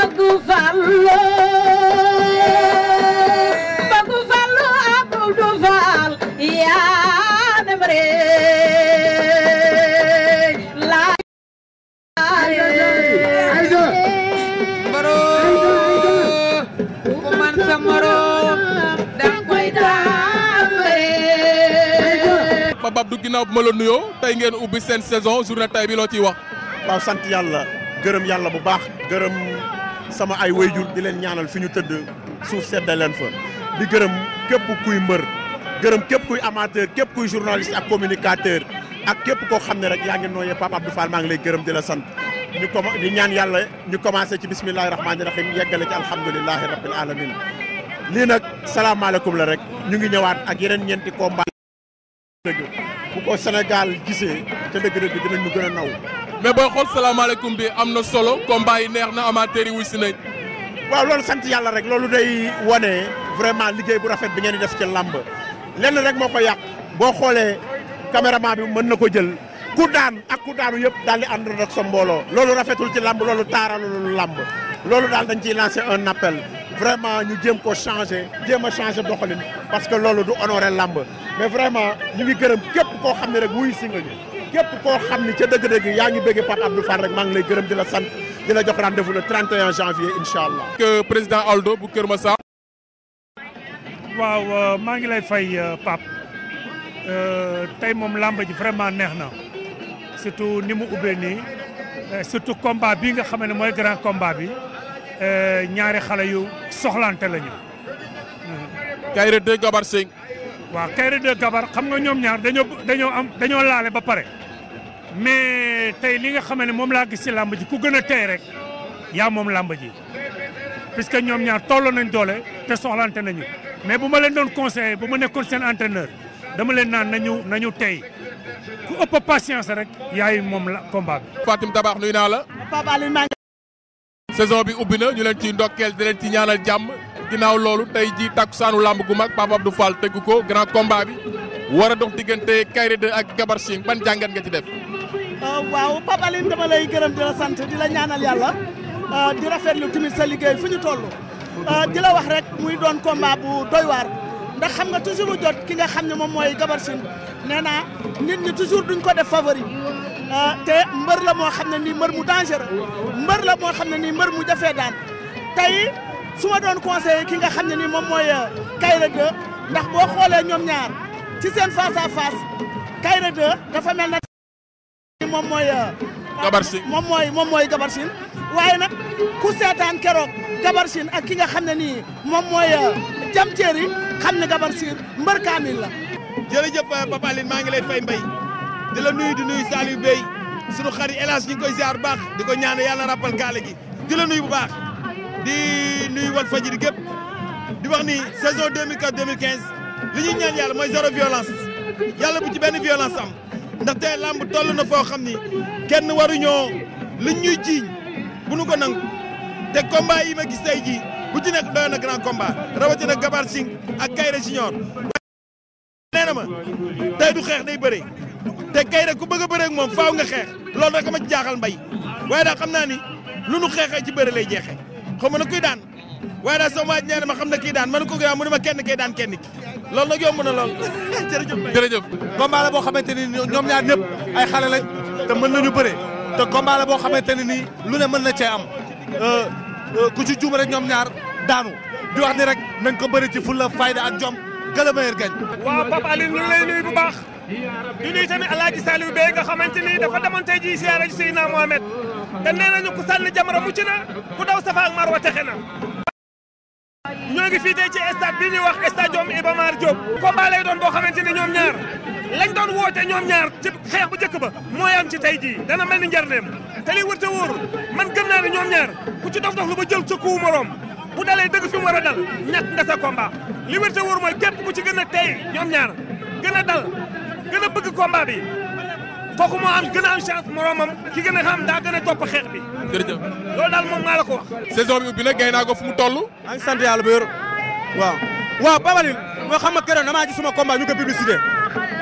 bëggu ba
Babdu ginnaaw bu ma la nuyoo tey ngeen ubbi seen saison journée tey bi loo ciy wax waaw sant yàlla gërëm yàlla bu baax gërëm sama ay wayjur di leen ñaanal fi ñu tëdd suuf sedda leen fa di gërëm képp kuy
mbër gërëm képp kuy amateur képp kuy journaliste ak communicateur ak képp koo xam ne rek yaa ngi nooyee Pape Abdou Fall maa ngi lay gërëm di la sant ñu com di ñaan yàlla ñu commencé ci bismillahi rahmaani rahim yeggale ci alhamdulilahi rabbil alamin lii nag salaamaaleykum la rek ñu ngi
ñëwaat ak yeneen ñeenti combat dëgg bu ko Sénégal gisee ca dëgg-dëgg dinañ ñu gën a naw mais boo xool salaamaaleykum bi am na solo combat yi neex na amateur yi wuy si nañ. waaw loolu sant yàlla rek loolu day wane vraiment liggéey bu rafet bi ngeen di def ci làmb
lenn rek moo ko yàq boo xoolee caméraman bi mën na ko jël ku daan ak ku daanu yëpp daal di ànd ak sa mbooloo loolu rafetul ci làmb loolu taaralul làmb loolu daal dañ ciy lancer un appel vraiment ñu jëm ko changer jéem a changer doxalin parce que loolu du honorer làmb mais vraiment ñu ngi gërëm képp koo xam ne rek si nga ñu képp koo
xam ni ca dëgg-dëgg yaa ngi bëgg Pape Abdou Fall rek maa ngi lay gërëm di la sant di jox rendez-vous le 31 janvier incha euh, président Aldo bu Kër Massar. waaw euh, maa ngi
lay fay euh, Pape tey moom làmb ji vraiment neex na surtout ni mu ubbee nii surtout combat bii nga xam ne mooy grand combat bi ñaari xale yu soxlante lañu. Hmm. Kayre de Gabar Singh. waaw Kayre de Gabar xam nga ñoom ñaar dañoo dañoo am dañoo laale ba pare. mais tey li nga xam ne moom laa gis ci làmb ji ku gën a tey rek yaa moom làmb ji parce que ñoom ñaar tolloo nañ doole te soxlante nañu mais bu ma leen doon conseillé bu ma nekkoon seen entraîneur dama leen naan nañu nañu tey ku ëpp patience rek
yaay moom la combat bi. Fatim Tabax nuyu naa la. Papa Alioune maa saison bi ubbi na ñu leen ci ndokkeel di leen ci ñaanal jàmm ginaaw loolu te ji takkusaanu làmb gu mag Papa Abdou Fall tëgg ko grand combat bi. war a dox diggante Kairé 2 ak Gabar Singh ban jàngat nga ci def. Euh, waaw Pape Aline dama lay gërëm di la sant di la ñaanal yàlla euh, di rafetlu tamit
sa liggéey fu ñu toll euh, di la wax rek muy doon combat bu doy waar ndax xam nga toujours jot ki nga xam ne moom mooy Gabar Singh naa nit ñi toujours duñ ko def favori te mbër la moo xam ne nii mbër mu dangereux mbër la moo xam ne nii mbër mu jafee daan tey su ma doon conseillé ki nga xam ne nii moom mooy Kairé 2 ndax boo xoolee ñoom ñaar. ci seen face à face Kayra 2 dafa mel na moom mooy euh, gabarsin moom mooy moom mooy gabarsin waaye nag ku seetaan keroog gabarsin ak ki nga xam ne ni moom mooy euh, jam teeri xam ne gabarsin mbër kaamil la jërëjëf euh, Papa Aline maa ngi lay fay mbay di la nuyu di nuyu Saliou Bey sunu xarit El Hadj ñu ngi koy ziar bu baax di ko ñaan yàlla rappal kaale gi di la bu baax di nuyu Walfadjri gépp di wax ni saison 2004 2015 li ñuy ñaan yàlla mooy zéro violence yàlla bu ci benn violence am ndaxte làmb toll na foo xam ni kenn waruñoo liñ ñuy jiiñ bu nu ko nangu te combat yi ma gis tey jii bu ci nekk doyoon na grand combat rawatina Gabar Singh ak Kayre Junior nee na ma tey du xeex day bëre te Kayre ku bëgg a bëre moom faaw nga xeex loolu rek ma ci jaaxal mbay waaye daal xam naa ni lu nu xeexee ci bëre lay jeexee xaw ma na kuy daan. waaye daal sama waaj nee na ma xam ne kii daan man ko gën a mu ne ma kenn kay daan kenn ki loolu nag yomb na lool jërëjëf. jërëjëf combat la boo xamante ni ñoom ñaar ñëpp ay xale lañ te mën na bëre te combat la boo xamante ne nii lu ne mën na cee am euh, euh, ku ci juum rek ñoom ñaar daanu di wax ni rek nañ ko bëri ci fulla fayda ak jom que le meilleur gagne. waaw Pape Alioune ñu ngi tamit El Hadj Bey nga xamante ni dafa demoon tey jii siyaara ji Seydina Mohamed te nee nañu ku sànni jamra mucc na ku daw Safa ak Marwa texe na. ñoo ngi fii tey ci stade bi ñuy wax stadium Iba Mar Diop. combat lay doon boo xamante ni ñoom ñaar lañ doon woote ñoom ñaar ci xeex bu njëkk ba mooy am ci tey jii dana mel ni njariñam te liy wër te man gëm naa ne ñoom ñaar ku ci dof dof lu ba jël sa bu dalee dëgg fi mu war a dal ñàkk nga sa combat li wér te wóor mooy képp ku ci gën a tey ñoom ñaar gën a dal gën a bëgg combat bi kooku moo am gën a am chance moromam ki gën a xam daa gën a topp xeex bi. jërëjëf loolu daal moom maa la ko wax. saison bi ubbi na gay naa ko fu mu toll. maa ngi sant yàlla ba yor waaw. waaw Babalil moo xam nga keroog damaa gis sama combat ñu ngi ko publicité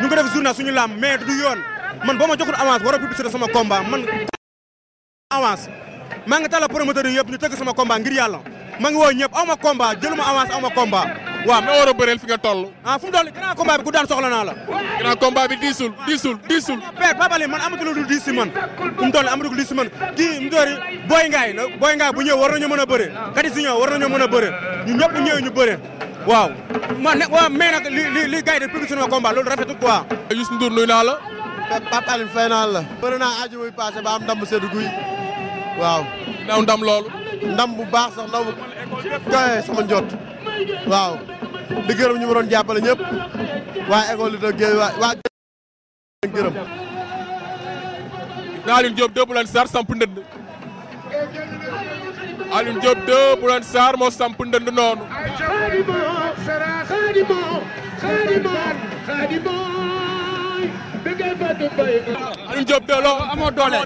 ñu ngi ko def journal suñu làmb mais du yoon man boo ma joxul avance war a publicité sama combat man avance. maa ngi tala promoteur yi yëpp ñu tëgg sama combat ngir yàlla ma ngi woo ñëpp aw ma combat jëluma avance aw ma combat waaw ma war a bëreel fi nga ah, diisul diisul diisul père man amatul lu diis si man kii mu doori ngaay booy ngaay bu ñëw war a bëre kati si ñëw a bëre ñun ñëpp ñëw bëre waaw ma ne waaw mais nag li li li gars yi de public sama combat loolu rafetul la
ba am ndam seddu waaw. ndaw ndam loolu. ndam bu baax sax ndaw bu kawe sama njot waaw di gërëm ñu ma doon jàppale ñëpp
waa école Lutte ak Guèye waa waa gërëm. na Alioune Diop 2 Boulane Sarr samp ndënd. Alioune Diop 2 Boulane moo samp noonu. Alioune Diop de loo amoo doole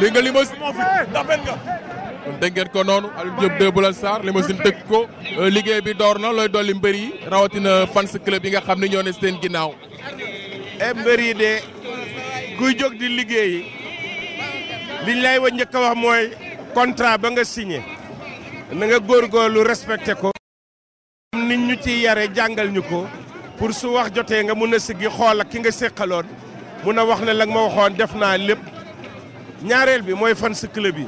li nga limousine kon dégg ko noonu Alioune de Boulal Sarr limousine dëkk ko euh, liggéey bi door na looy dolli mbër yi rawatina fans club yi nga xam ne ñoo ne seen ginnaaw. e mbër yi de kuy jóg di liggéeyi liñ lay wa njëkk wax mooy contrat
ba nga signé na nga góorgóorlu respecté ko. nit ñu ci yare jàngal ñu ko. pour su wax jotee nga mun a siggi xool ak ki nga séqaloon mun a wax ne lang nga ma waxoon def naa lépp ñaareel bi mooy fan si club yi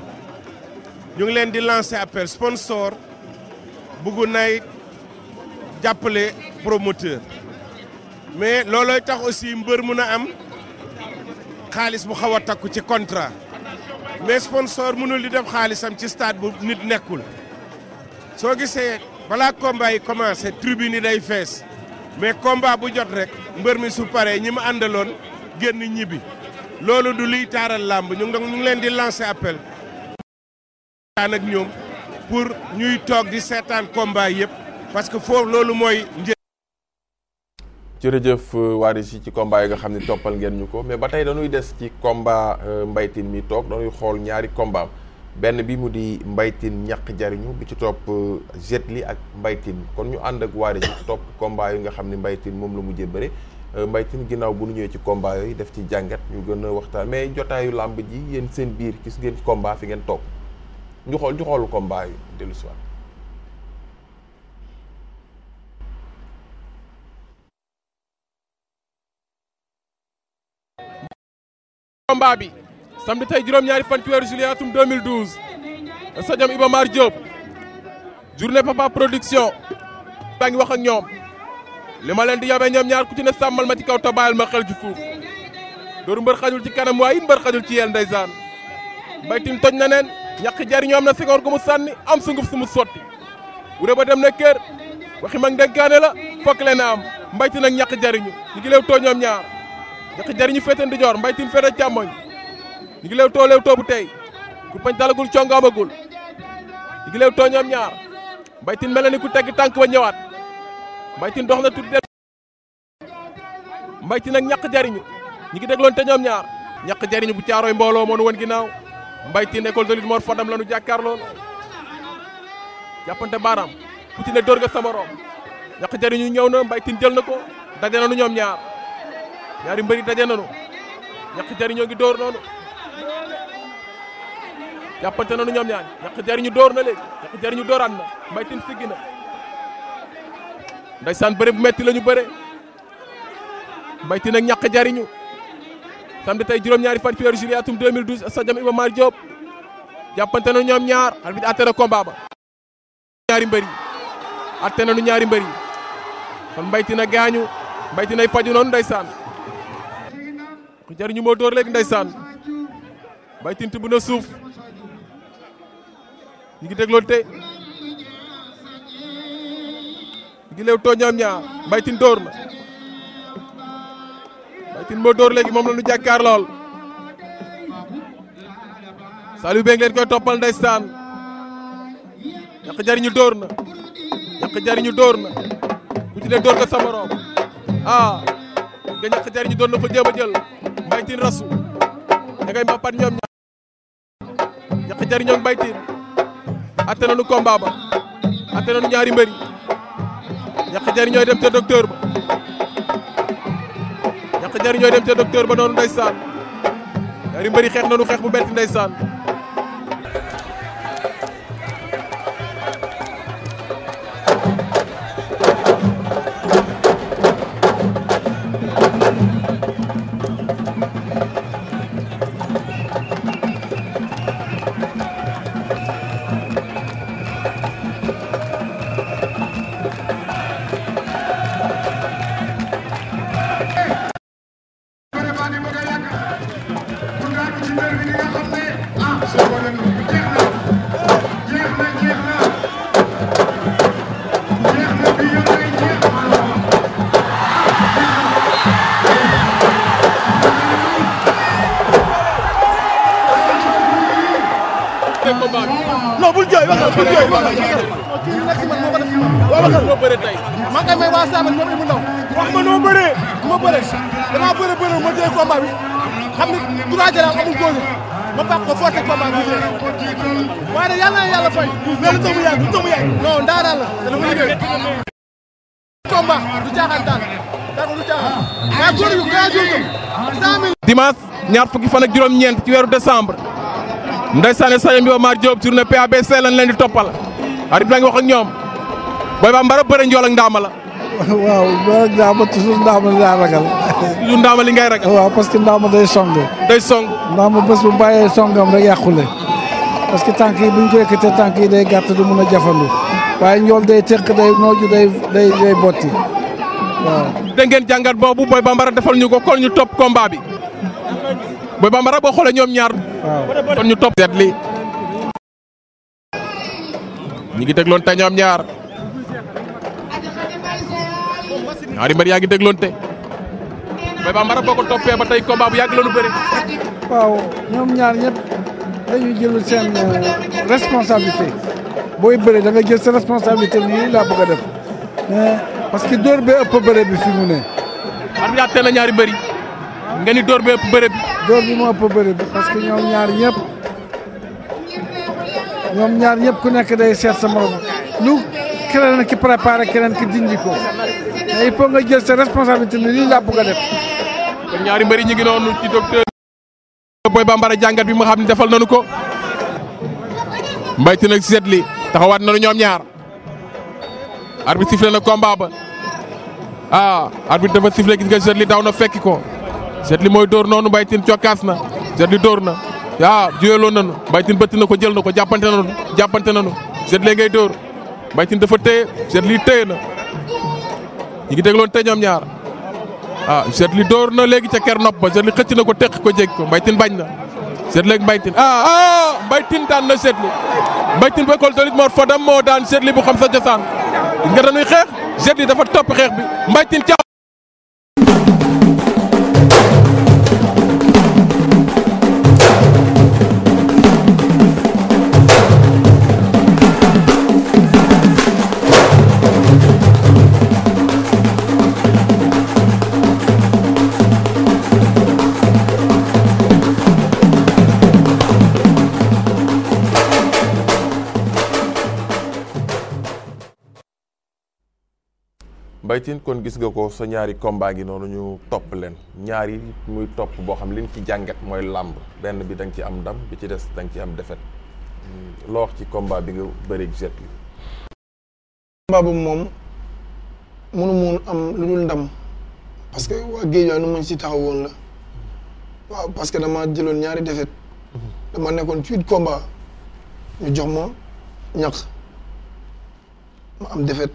ñu ngi leen di lancer appel sponsor buggu nay jàppale promoteur mais loolooy tax aussi mbër mun a am xaalis bu xaw a takku ci contrat mais sponsor mënul di def xaalisam ci stade bu nit nekkul soo gisee balaa combat yi commencé tribune yi day fees mais combat bu jot rek mbër mi su paree ñi ma àndaloon génn ñibbi loolu du liy taaral làmb ñu nga leen di lancer appel. daan ak ñoom pour ñuy toog di seetaan combat yëpp parce que foofu loolu mooy
njëriñ. jërëjëf euh, waari si ci combat yi nga xam ne toppal ngeen ñu ko mais ba tey dañuy des ci combat euh, mbaytin mi toog dañuy xool ñaari combat benn bi mu di mbaytin ñàq jariñu bi ci topp euh, jetli ak mbaytin kon ñu ànd ak waari ci topp combat yi nga xam ne mbaytin moom la mujjee bëre euh, mbaytin ginnaaw bu nu ñëwee ci combat yooyu def ci jàngat ñu gën a waxtaan mais jotaayu làmb ji yéen seen biir gis ngeen combat fi ngeen toog ñu xool ñu xoolu combat dellu si samedi tey juróom-ñaari fan ci weeru juillet atum 2012 stadium Iba Mar Diop journée papa production baa ngi wax ak ñoom li ma leen di yabee ñoom ñaar ku ci ne sàmmal ma ci kaw tabayal ma xel ci fuuf dooru mbër xajul ci kanam waaye it mbër xajul ci yel ndeysaan baytin toj na neen ñàkk jariñoo am na seconde gu mu sànni am sunguf su mu sotti wuré ba dem na kër waxi mag dénkaane la fokk leen am mbaytin ak ñàkk jariñu ñu ngi leew too ñoom ñaar ñàkk jariñu féete ndijoor mbaytin féete càmmoñ ñu ngi leew too leew too bu tey kurpañ dalagul conga amagul ñu ngi leew too ñoom ñaar Mbaye Tine mel na ni ku tegg tànk ba ñëwaat Mbaye Tine dox na tudd del Mbaye Tine ak ñàkk jariñu ñu ngi dégloon te ñoom ñaar ñaq jariñu bu caarooy mbooloo moonu woon ginnaaw Mbaye Tine école de lutte Mor Fadam la nu jàkkaarloo jàppante baaraam ku ci ne dóor nga sama morom jariñu ñëw na Mbaye Tine jël na ko daje nañu ñoom ñaar ñaari mbëri daje nañu ñàkk jariñoo ngi dóor noonu jàppante nañu ñoom ñaar ñaq jariñu door na léegi jariñu dooraat na Mbaye Tine siggi na ndaysaan bëre bu metti la ñu bëre Mbaye ñaq jariñu samedi tey juróom-ñaari fan ci weeru juillet atum 2012 stadium Iba Mar Diop jàppante nañu ñoom ñaar arbitre atte na combat ba ñaari mbër yi atte nañu ñaari mbër yi kon gaañu Mbaye Tine ay faju noonu ndaysaan ñaq jariñu moo door léegi ndaysaan Mbaye Tine tibb na suuf ñu ngi dégloo tey ñu ñoom ñaar Mbaye Tine na Mbaye Tine moo dóor léegi moom la ñu jàkkaar lool Saliou Beng leen koy toppal ndeysaan ñàkk jariñu dóor na ñàkk jariñu dóor na ku ci ne ah, na fa jéem a jël Mbaye Tine rasu da ngay mbapat ñoom ñaar atte nañu combat ba atte ñaari mbëri yàq jari dem ca docteur ba yàq jari ñooy dem ca docteur ba noonu saan ñaari mbëri xeex nañu xeex bu metti saan non bul jooy waxal bul jooy waxal.
kii man moo
may
waa Saaman ñoom Ibou Ndaw. wax ma noo bëree. ma bëree ma jëlee combat bi xam ni trois jaraaf amul ma baax ko forcé combat bi jeex. waaye na yàlla fay. mais lu tax mu yaay lu tax mu yaay. non la te dafa liggéey. combat du caaxaan daal daal du caaxaan. waaye góor yu gaañoo
ñoom. ñaar fukki fan ak juróom-ñeent ci weeru décembre. ndeysaane sayam bi Omar Diop tournée PABC lañ leen di toppal arbitre baa ngi wax ak ñoom Boy Ba Mbara bëre njool ak ndaama la.
waaw loolu ndaama toujours ndaama li laa ragal. toujours ndaama li ngay ragal. waaw parce que ndaama day song. day song ndaama bés bu bàyyee songam rek yàqule. parce que tànk yi bu ñu ko tànk yi day gàtt du mun a jafandu waaye njool day tëq day nooju day day day botti
waaw. dégg ngeen jàngat boobu Boy Ba Mbara defal ñu ko kon ñu topp combat bi. Boy Bambara boo xoolee ñoom ñaar. waaw kon ñu topp seet ngi dégloon te ñoom ñaar ñaari mbër yaa ngi dégloon te Boy Bambara boo ko toppee ba tey combat bu yàgg la ñu
bëri. waaw ñoom ñaar ñëpp dañuy jël seen euh, responsabilité booy bëri da nga jël sa responsabilité nii laa bëgg def mais euh, parce
que
dóor bee ëpp bëre bi fi mu ne. arbitre yaa teel na ñaari mbër nga ni dóor bi ëpp bëre bi.
dóor bi moo ëpp parce que ñoom ñaar ñëpp ñoom ñaar ñëpp ku nekk day seet sa morom lu keneen ki préparé keneen ki dindi ko
mais il
faut nga jël sa responsabilité ni lii laa bëgg a def. kon ñaari mbëri ñu ngi noonu ci docteur. Boy Bambara jàngat bi mu xam ni defal na nañu ko. mbaytin ak Zetli taxawaat nañu ñoom ñaar. bi sifflé na combat ba ah arbitre dafa sifflé gis nga Zetli daw na fekki ko. Jet Li mooy dóor noonu Mbaye Tine cokkaas na Jet Li dóor na waaw juyaloon nañu Mbaye Tine bëtt na ko jël na ko jàppante nañu jàppante nañu Jet Li ngay dóor Mbaye dafa téye Jet Li téye na ñu ngi dégloon te ñoom ñaar ah Jet Li dóor na léegi ca ker nopp ba Jet Li xëcc na ko teq ko jég ko Mbaye bañ na Jet Li ak Mbaye Tine ah ah daan na Jet Li Mbaye Tine ba école de moo daan Jet Li bu xam sa cosaan nga dañuy xeex Jet dafa topp xeex bi Mbaye Tine Mbaye Tine kon gis nga ko sa ñaari combat gi noonu ñu topp leen ñaar muy topp boo xam li ñu ci jàngat mooy làmb benn bi danga nga ci am ndam bi ci des da nga ci am defet hmm, loo wax ci combat bi nga bëri jet li
combat bu moom mënu parce que waa géej waay taxaw woon la waaw parce dama jëloon ñaari defet dama nekkoon ci huit combat ñu jox ma ñax ma am defet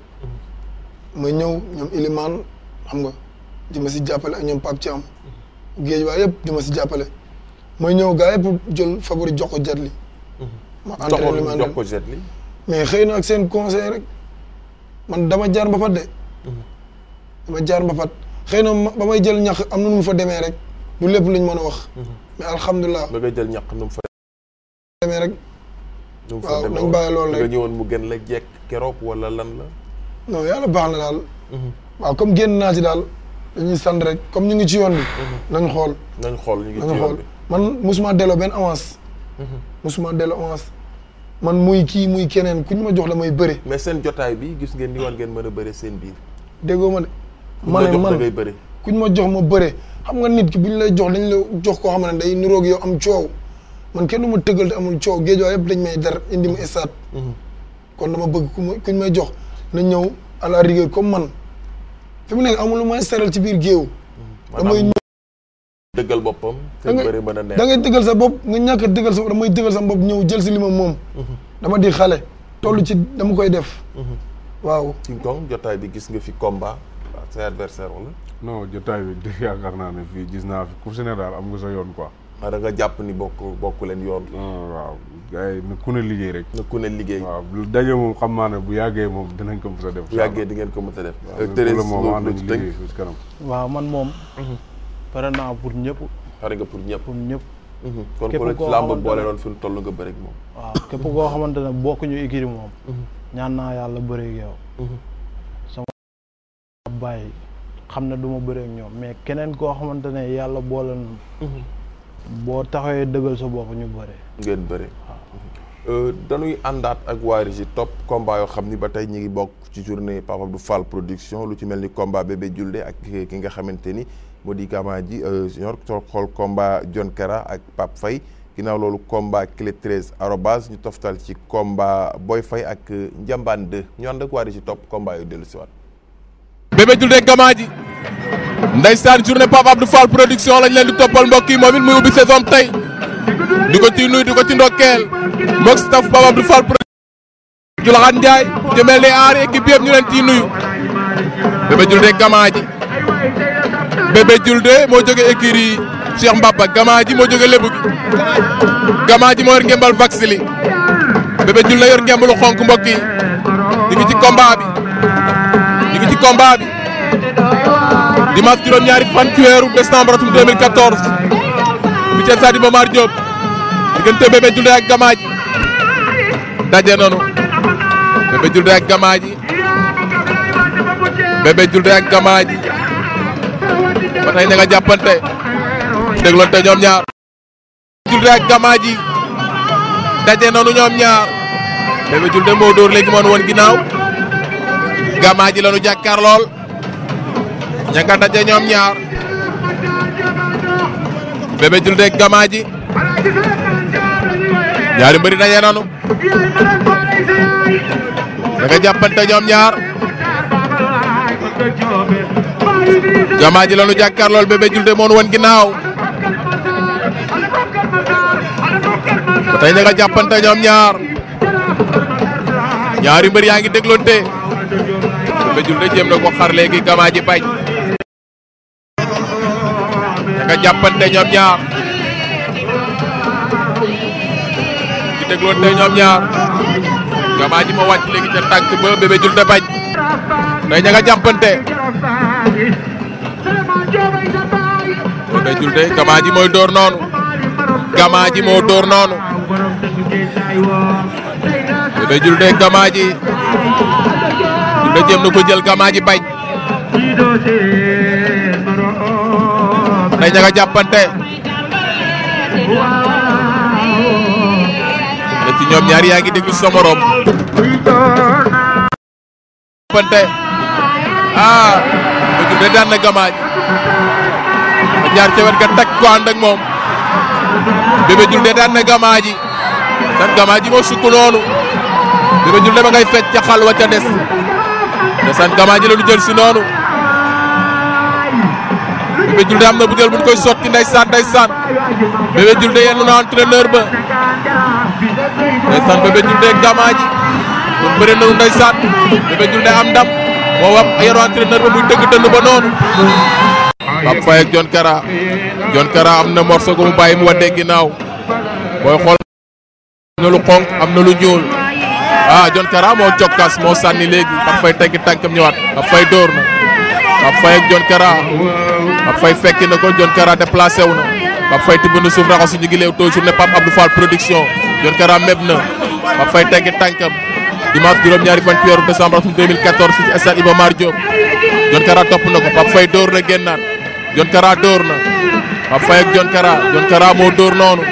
ma ñëw ñoom Ilimaan xam nga di ma si jàppale ak ñoom ci am géej waay yëpp di ma si jàppale ma ñëw gaa yëpp jël favori jox ko li ma entraîné ma jox ko li mais xëy na ak seen conseil rek man dama jaar mbapat de ma jaar mbapat xëy na ba may jël ñax am na nu mu fa demee rek du lépp luñ mën a wax
mais alhamdulilah ba ngay jël ñax nu mu fa demee rek waaw nañ bàyyi loolu rek nga ñëwoon mu gën la jekk keroog wala lan la
non yàlla baax na daal. waaw comme génn naa ci daal dañuy sant rek comme ñu ngi ci yoon bi. nañ xool.
nañ xool ñu ngi ci
man musuma delloo benn avance. musuma delloo avance. man muy kii muy keneen ku ñu ma jox la may bëre.
mais seen jotaay bi gis ngeen ni woon ngeen mën a bëre seen biir. déggoo ma de. ma ne man
ku ñu ma jox ma bëre. xam nga nit ki bu ñu lay jox dañ la jox koo xam ne day niroog yow am coow man kenn du ma tëggal te amul coow géej waaye yëpp dañ may dar indi ma estaat. Mhm. kon dama bëgg ku ñu may jox. na ñëw à la comme man fi mu nekk amul lu may seral ci biir géew. damay ñëw
dëggal boppam. da ngay da ngay dëggal
sa bopp nga ñàkk a dëggal sa bopp damay sa bopp ñëw jël si li ma moom. Mhm. dama di xale toll ci dama koy def.
Mhm. waaw. King Kong jotaay bi gis nga fi komba
sa adversaire wala. non jotaay bi yaakaar naa ne fii gis naa fi ku si am nga sa yoon quoi. da nga jàpp ni bokk bokk leen yoon. Ah, waaw gars yi na ku ne liggéey rek. na ku ne liggéey. waaw lu moom xam naa ne bu yàggee moom dinañ ko mën a def. bu yàggee di ngeen ko mën a def. Thérèse loolu ci tënk
waaw man moom. Mhm. pare naa pour ñëpp. pare nga pour
ñëpp pour ñëpp.
Mhm. kon ku la ci làmb boole
toll nga bëri moom. képp koo
xamante ne bokkuñu ikiri moom. Mhm. ñaan naa yàlla bëri ak yow. sama du ma bëri ñoom mais keneen koo xamante ne yàlla boole boo taxawee dëggal sa bopp ñu bëre.
ngeen bëre euh, dañuy àndaat ak waa Régis topp combat yoo xam ni ba tey ñu ngi bokk ci journée Pape Abdou Fall production lu ci mel ni komba bébé Julde ak ki nga xamante ni moo di Gama ji junior euh, xool komba John ak Pape Faye ginnaaw loolu komba clé 13 arobase ñu toftal ci combat booy Faye ak Njambaan 2 ñu ànd ak waa Régis topp combat yooyu dellu siwaat Bébé Diouldé Gamady ndeysaan journée Pape Abdou Fall production lañ leen di toppal mbokk yi moom it muy ubbi saison tey di ko ci nuyu di ko ci ndokkeel mbokk staff Pape Abdou Fall production Julaxan Ndiaye jëmel ni aar équipe yëpp ñu leen ciy nuyu Bébé de Gamady Bébé Diouldé moo jógee écurie Cheikh Mbaba Gamady moo jógee lébu gi Gamady moo yor ngembal vax li Bébé Diouldé yor ngembalu xonk mbokk yi ñu ngi ci combat bi. combat bi dimanche juróom-ñaari fan ci weeru décembre atum 2014 bi ca stade Iba Mar Diop daje noonu Bébé Diouldé ak Gamaaji Bébé Diouldé ak Gamaaji ñoom ñaar Bébé Diouldé ak daje noonu ñoom ñaar Bébé Diouldé moo dóor léegi moon Gamaa ji la ñu jàkkaar lool ña nga daje ñoom ñaar Bébé Diouldé ji ñaari mbëri daje nanu da nga jàppante ñaar Gamaa ji la ñu jàkkaar lool Bébé Diouldé moon woon ginnaaw tey ñoom ñaar ñaari mbër yaa ngi dégloonte Mbéjul de léegi gamaa ji bañ nga jàppante ñoom ñaar di dégloon te ñoom ñaar gamaa ji ma wàcc léegi ca tànk ba bébé jul de bañ day jàppante bébé jul de gamaa ji mooy door noonu gamaa ji moo dóor noonu bébé jul de gamaa Doudou jéem na ko jël Gamady bañ dañ nga jàppante te ñoom ñaar yaa ngi déglu sa morom jàppante ah, de daan na Gamady ba ca wet ga teg ko ànd ak moom Bébé Diouldé daan na Gamady tan Gamady moo sukk noonu Bébé Diouldé ba ngay fecc ca xal ca des. ndeysaan Gama jëlee lu jël si noonu bébé Diouldé am na butéel bu ñu koy sotti ndeysaan ndeysaan bébé Diouldé yenn na entraîneur ba ndeysaan bébé Diouldé ak Gama ji kon bëri na ndeysaan am ndam moo wax yenn entraîneur ba muy dëgg dënn ba noonu. Pape Faye ak John Kara John Kara am na morceau gu mu bàyyi mu waddee ginnaaw booy xool am na lu xonk am na lu ñuul. ah John Kara moo jokkas moo sànni léegi Pape Faye teggi tànkam dóor na Pape fekki na ko John Kara déplacé wu na Pape Faye tibb na suuf raxasu ñu ngi léew too ñaari fan ci weeru décembre atum 2014 fii ci stade dóor na génnaat John Kara dóor moo dóor noonu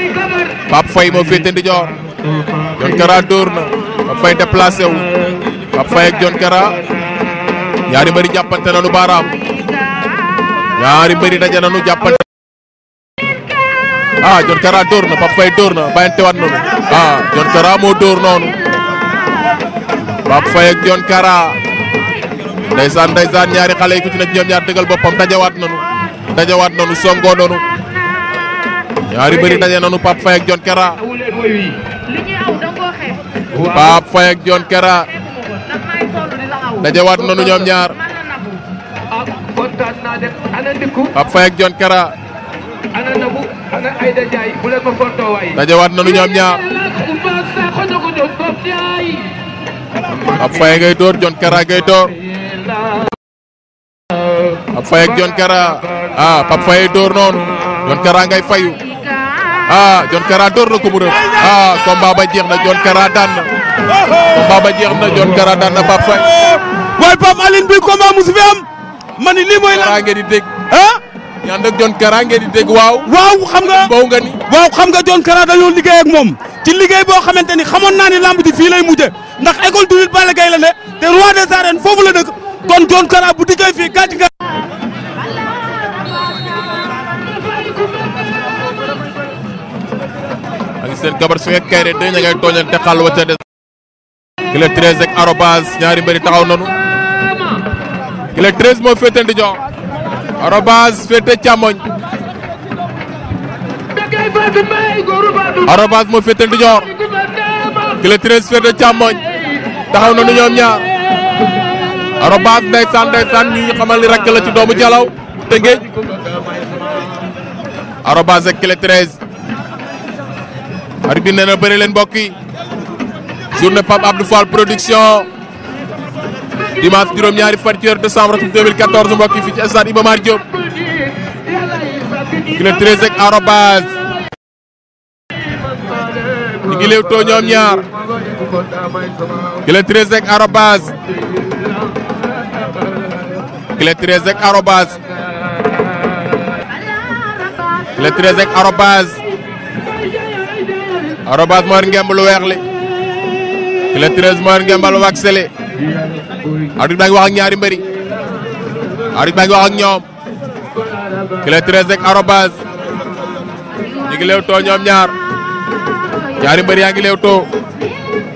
Pape Faye moo féete ndijoor John Kara dóor na Pape Faye déplacé wu Pape Faye ak John Kara ñaari mbëri jàppante nañu baaraam ñaari mbëri daje nañu jàppante. ah John dóor na Pape Faye dóor na bàyyantewaat noonu ah John Kara moo dóor noonu Pape Faye ak John Kara ndeysaan ndeysaan ñaari xale yi ku ci nekk ñoom ñaar dëggal boppam dajawaat nañu dajawaat nañu songoo noonu ñaari mbëri daje nañu Pape Faye ak Pape Faye ak John Kera
dajewaat nañu ñoom ñaar
Pape Faye ak John Kera
dajewaat nañu ñoom ñaar
Pape Faye ngay door John Kera ngay door Pape Faye ak John Kera ah Pape door noonu John Kera ngay fayu. ah John Kara door na ko mu rëb ah combat ba jeex na John Kara daan na combat ba jeex na John Kara daan na Pape Faye. waaye Pape Aline bi combat musu fi am. ma ni lii mooy lan Kara ngeen di dégg. ah. ñaan ak John Kara waaw. waaw xam nga
mbow nga ni. waaw xam nga John Kara dañoo liggéey ak moom. ci liggéey boo xamante ni xamoon naa ni lamb ji fii lay mujje ndax école du lutte Balla Gaye la ne te roi des arènes foofu la dëkk kon John Kara bu dikkee fii gàcce nga.
ak seen gabar su fekkee kayre dee ña ngay tooñante xàll wa ca des. kile 13 ak arobase ñaari mbëri taxaw nanu kile moo féete ndijoor arobase féete càmmoñ. arobase moo féete ndijoor kile 13 féete càmmoñ taxaw nanu ñoom ñaar arobase ndeysaan ndeysaan ñuy xamal ni rakk la ci doomu jalaw te ngéej arobase kile 13. arbitre bi nee na bëri leen mbokk yi journée Pape Abdou Fall production dimanche juróom-ñaari fan ci weeru décembre 2014 mbokk yi fii ci stade Iba Mar Diop
ki le 13 ak
arobase ñu ngi léewtoo le 13 ak arobase ki le 13 ak arobase ki le 13 ak arobas moor ngembal weex li ki la treize moor ngembal waxsele arbitre baa ngi wax ak ñaari mbëri arbitre ngi wax ak ñoom ki la treize ak arobas ñu ngi leew too ñoom ñaar yaa ngi leew too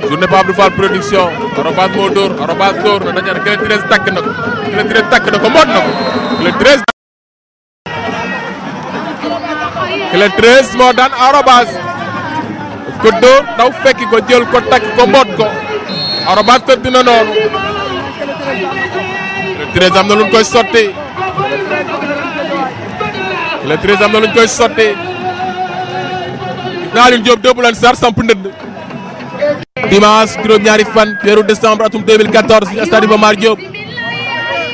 journée Pape Abdou Fall production arobas moo dóor arobas dóor na dañu ki la treize takk na ko ki la treize takk na ko moot na ko ki la treize ko dóor daw fekki ko jël ko takk ko mboot ko Arobase tëdd na noonu le treize am na lu ñu koy sotti le treize am na lu ñu koy sotti Alioune Diop dëbb lan sar samp ndënd dimanche juróom-ñaari fan weeru décembre atum 2014 ci stade Iba Mar Diop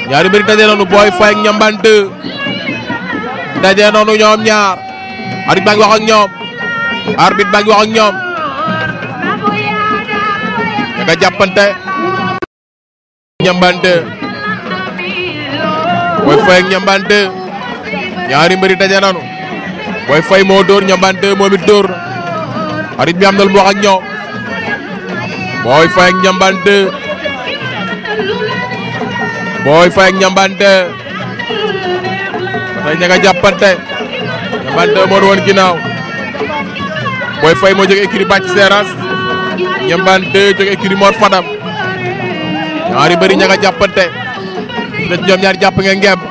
ñaari mbir daje noonu Boy Faye ak Niambane 2 daje noonu ñoom ñaar Arbitre baa ngi ñoom arbitre baa ngi wax ak ñoom da nga jàppante ñambante Boy Faye ñambante ñaari mbëri daje nanu Boy moo dóor ñambante moom it dóor bi am na lu mu wax ak ñambante Boy Faye ñambante ba jàppante ñambante moo woon ginnaaw Boy Faye moo jóge écurie Bathie Seras Ñambaan 2 jóge écurie Mor Fadam ñaari bëri ña nga jàppante ñoom ñaar jàpp
nga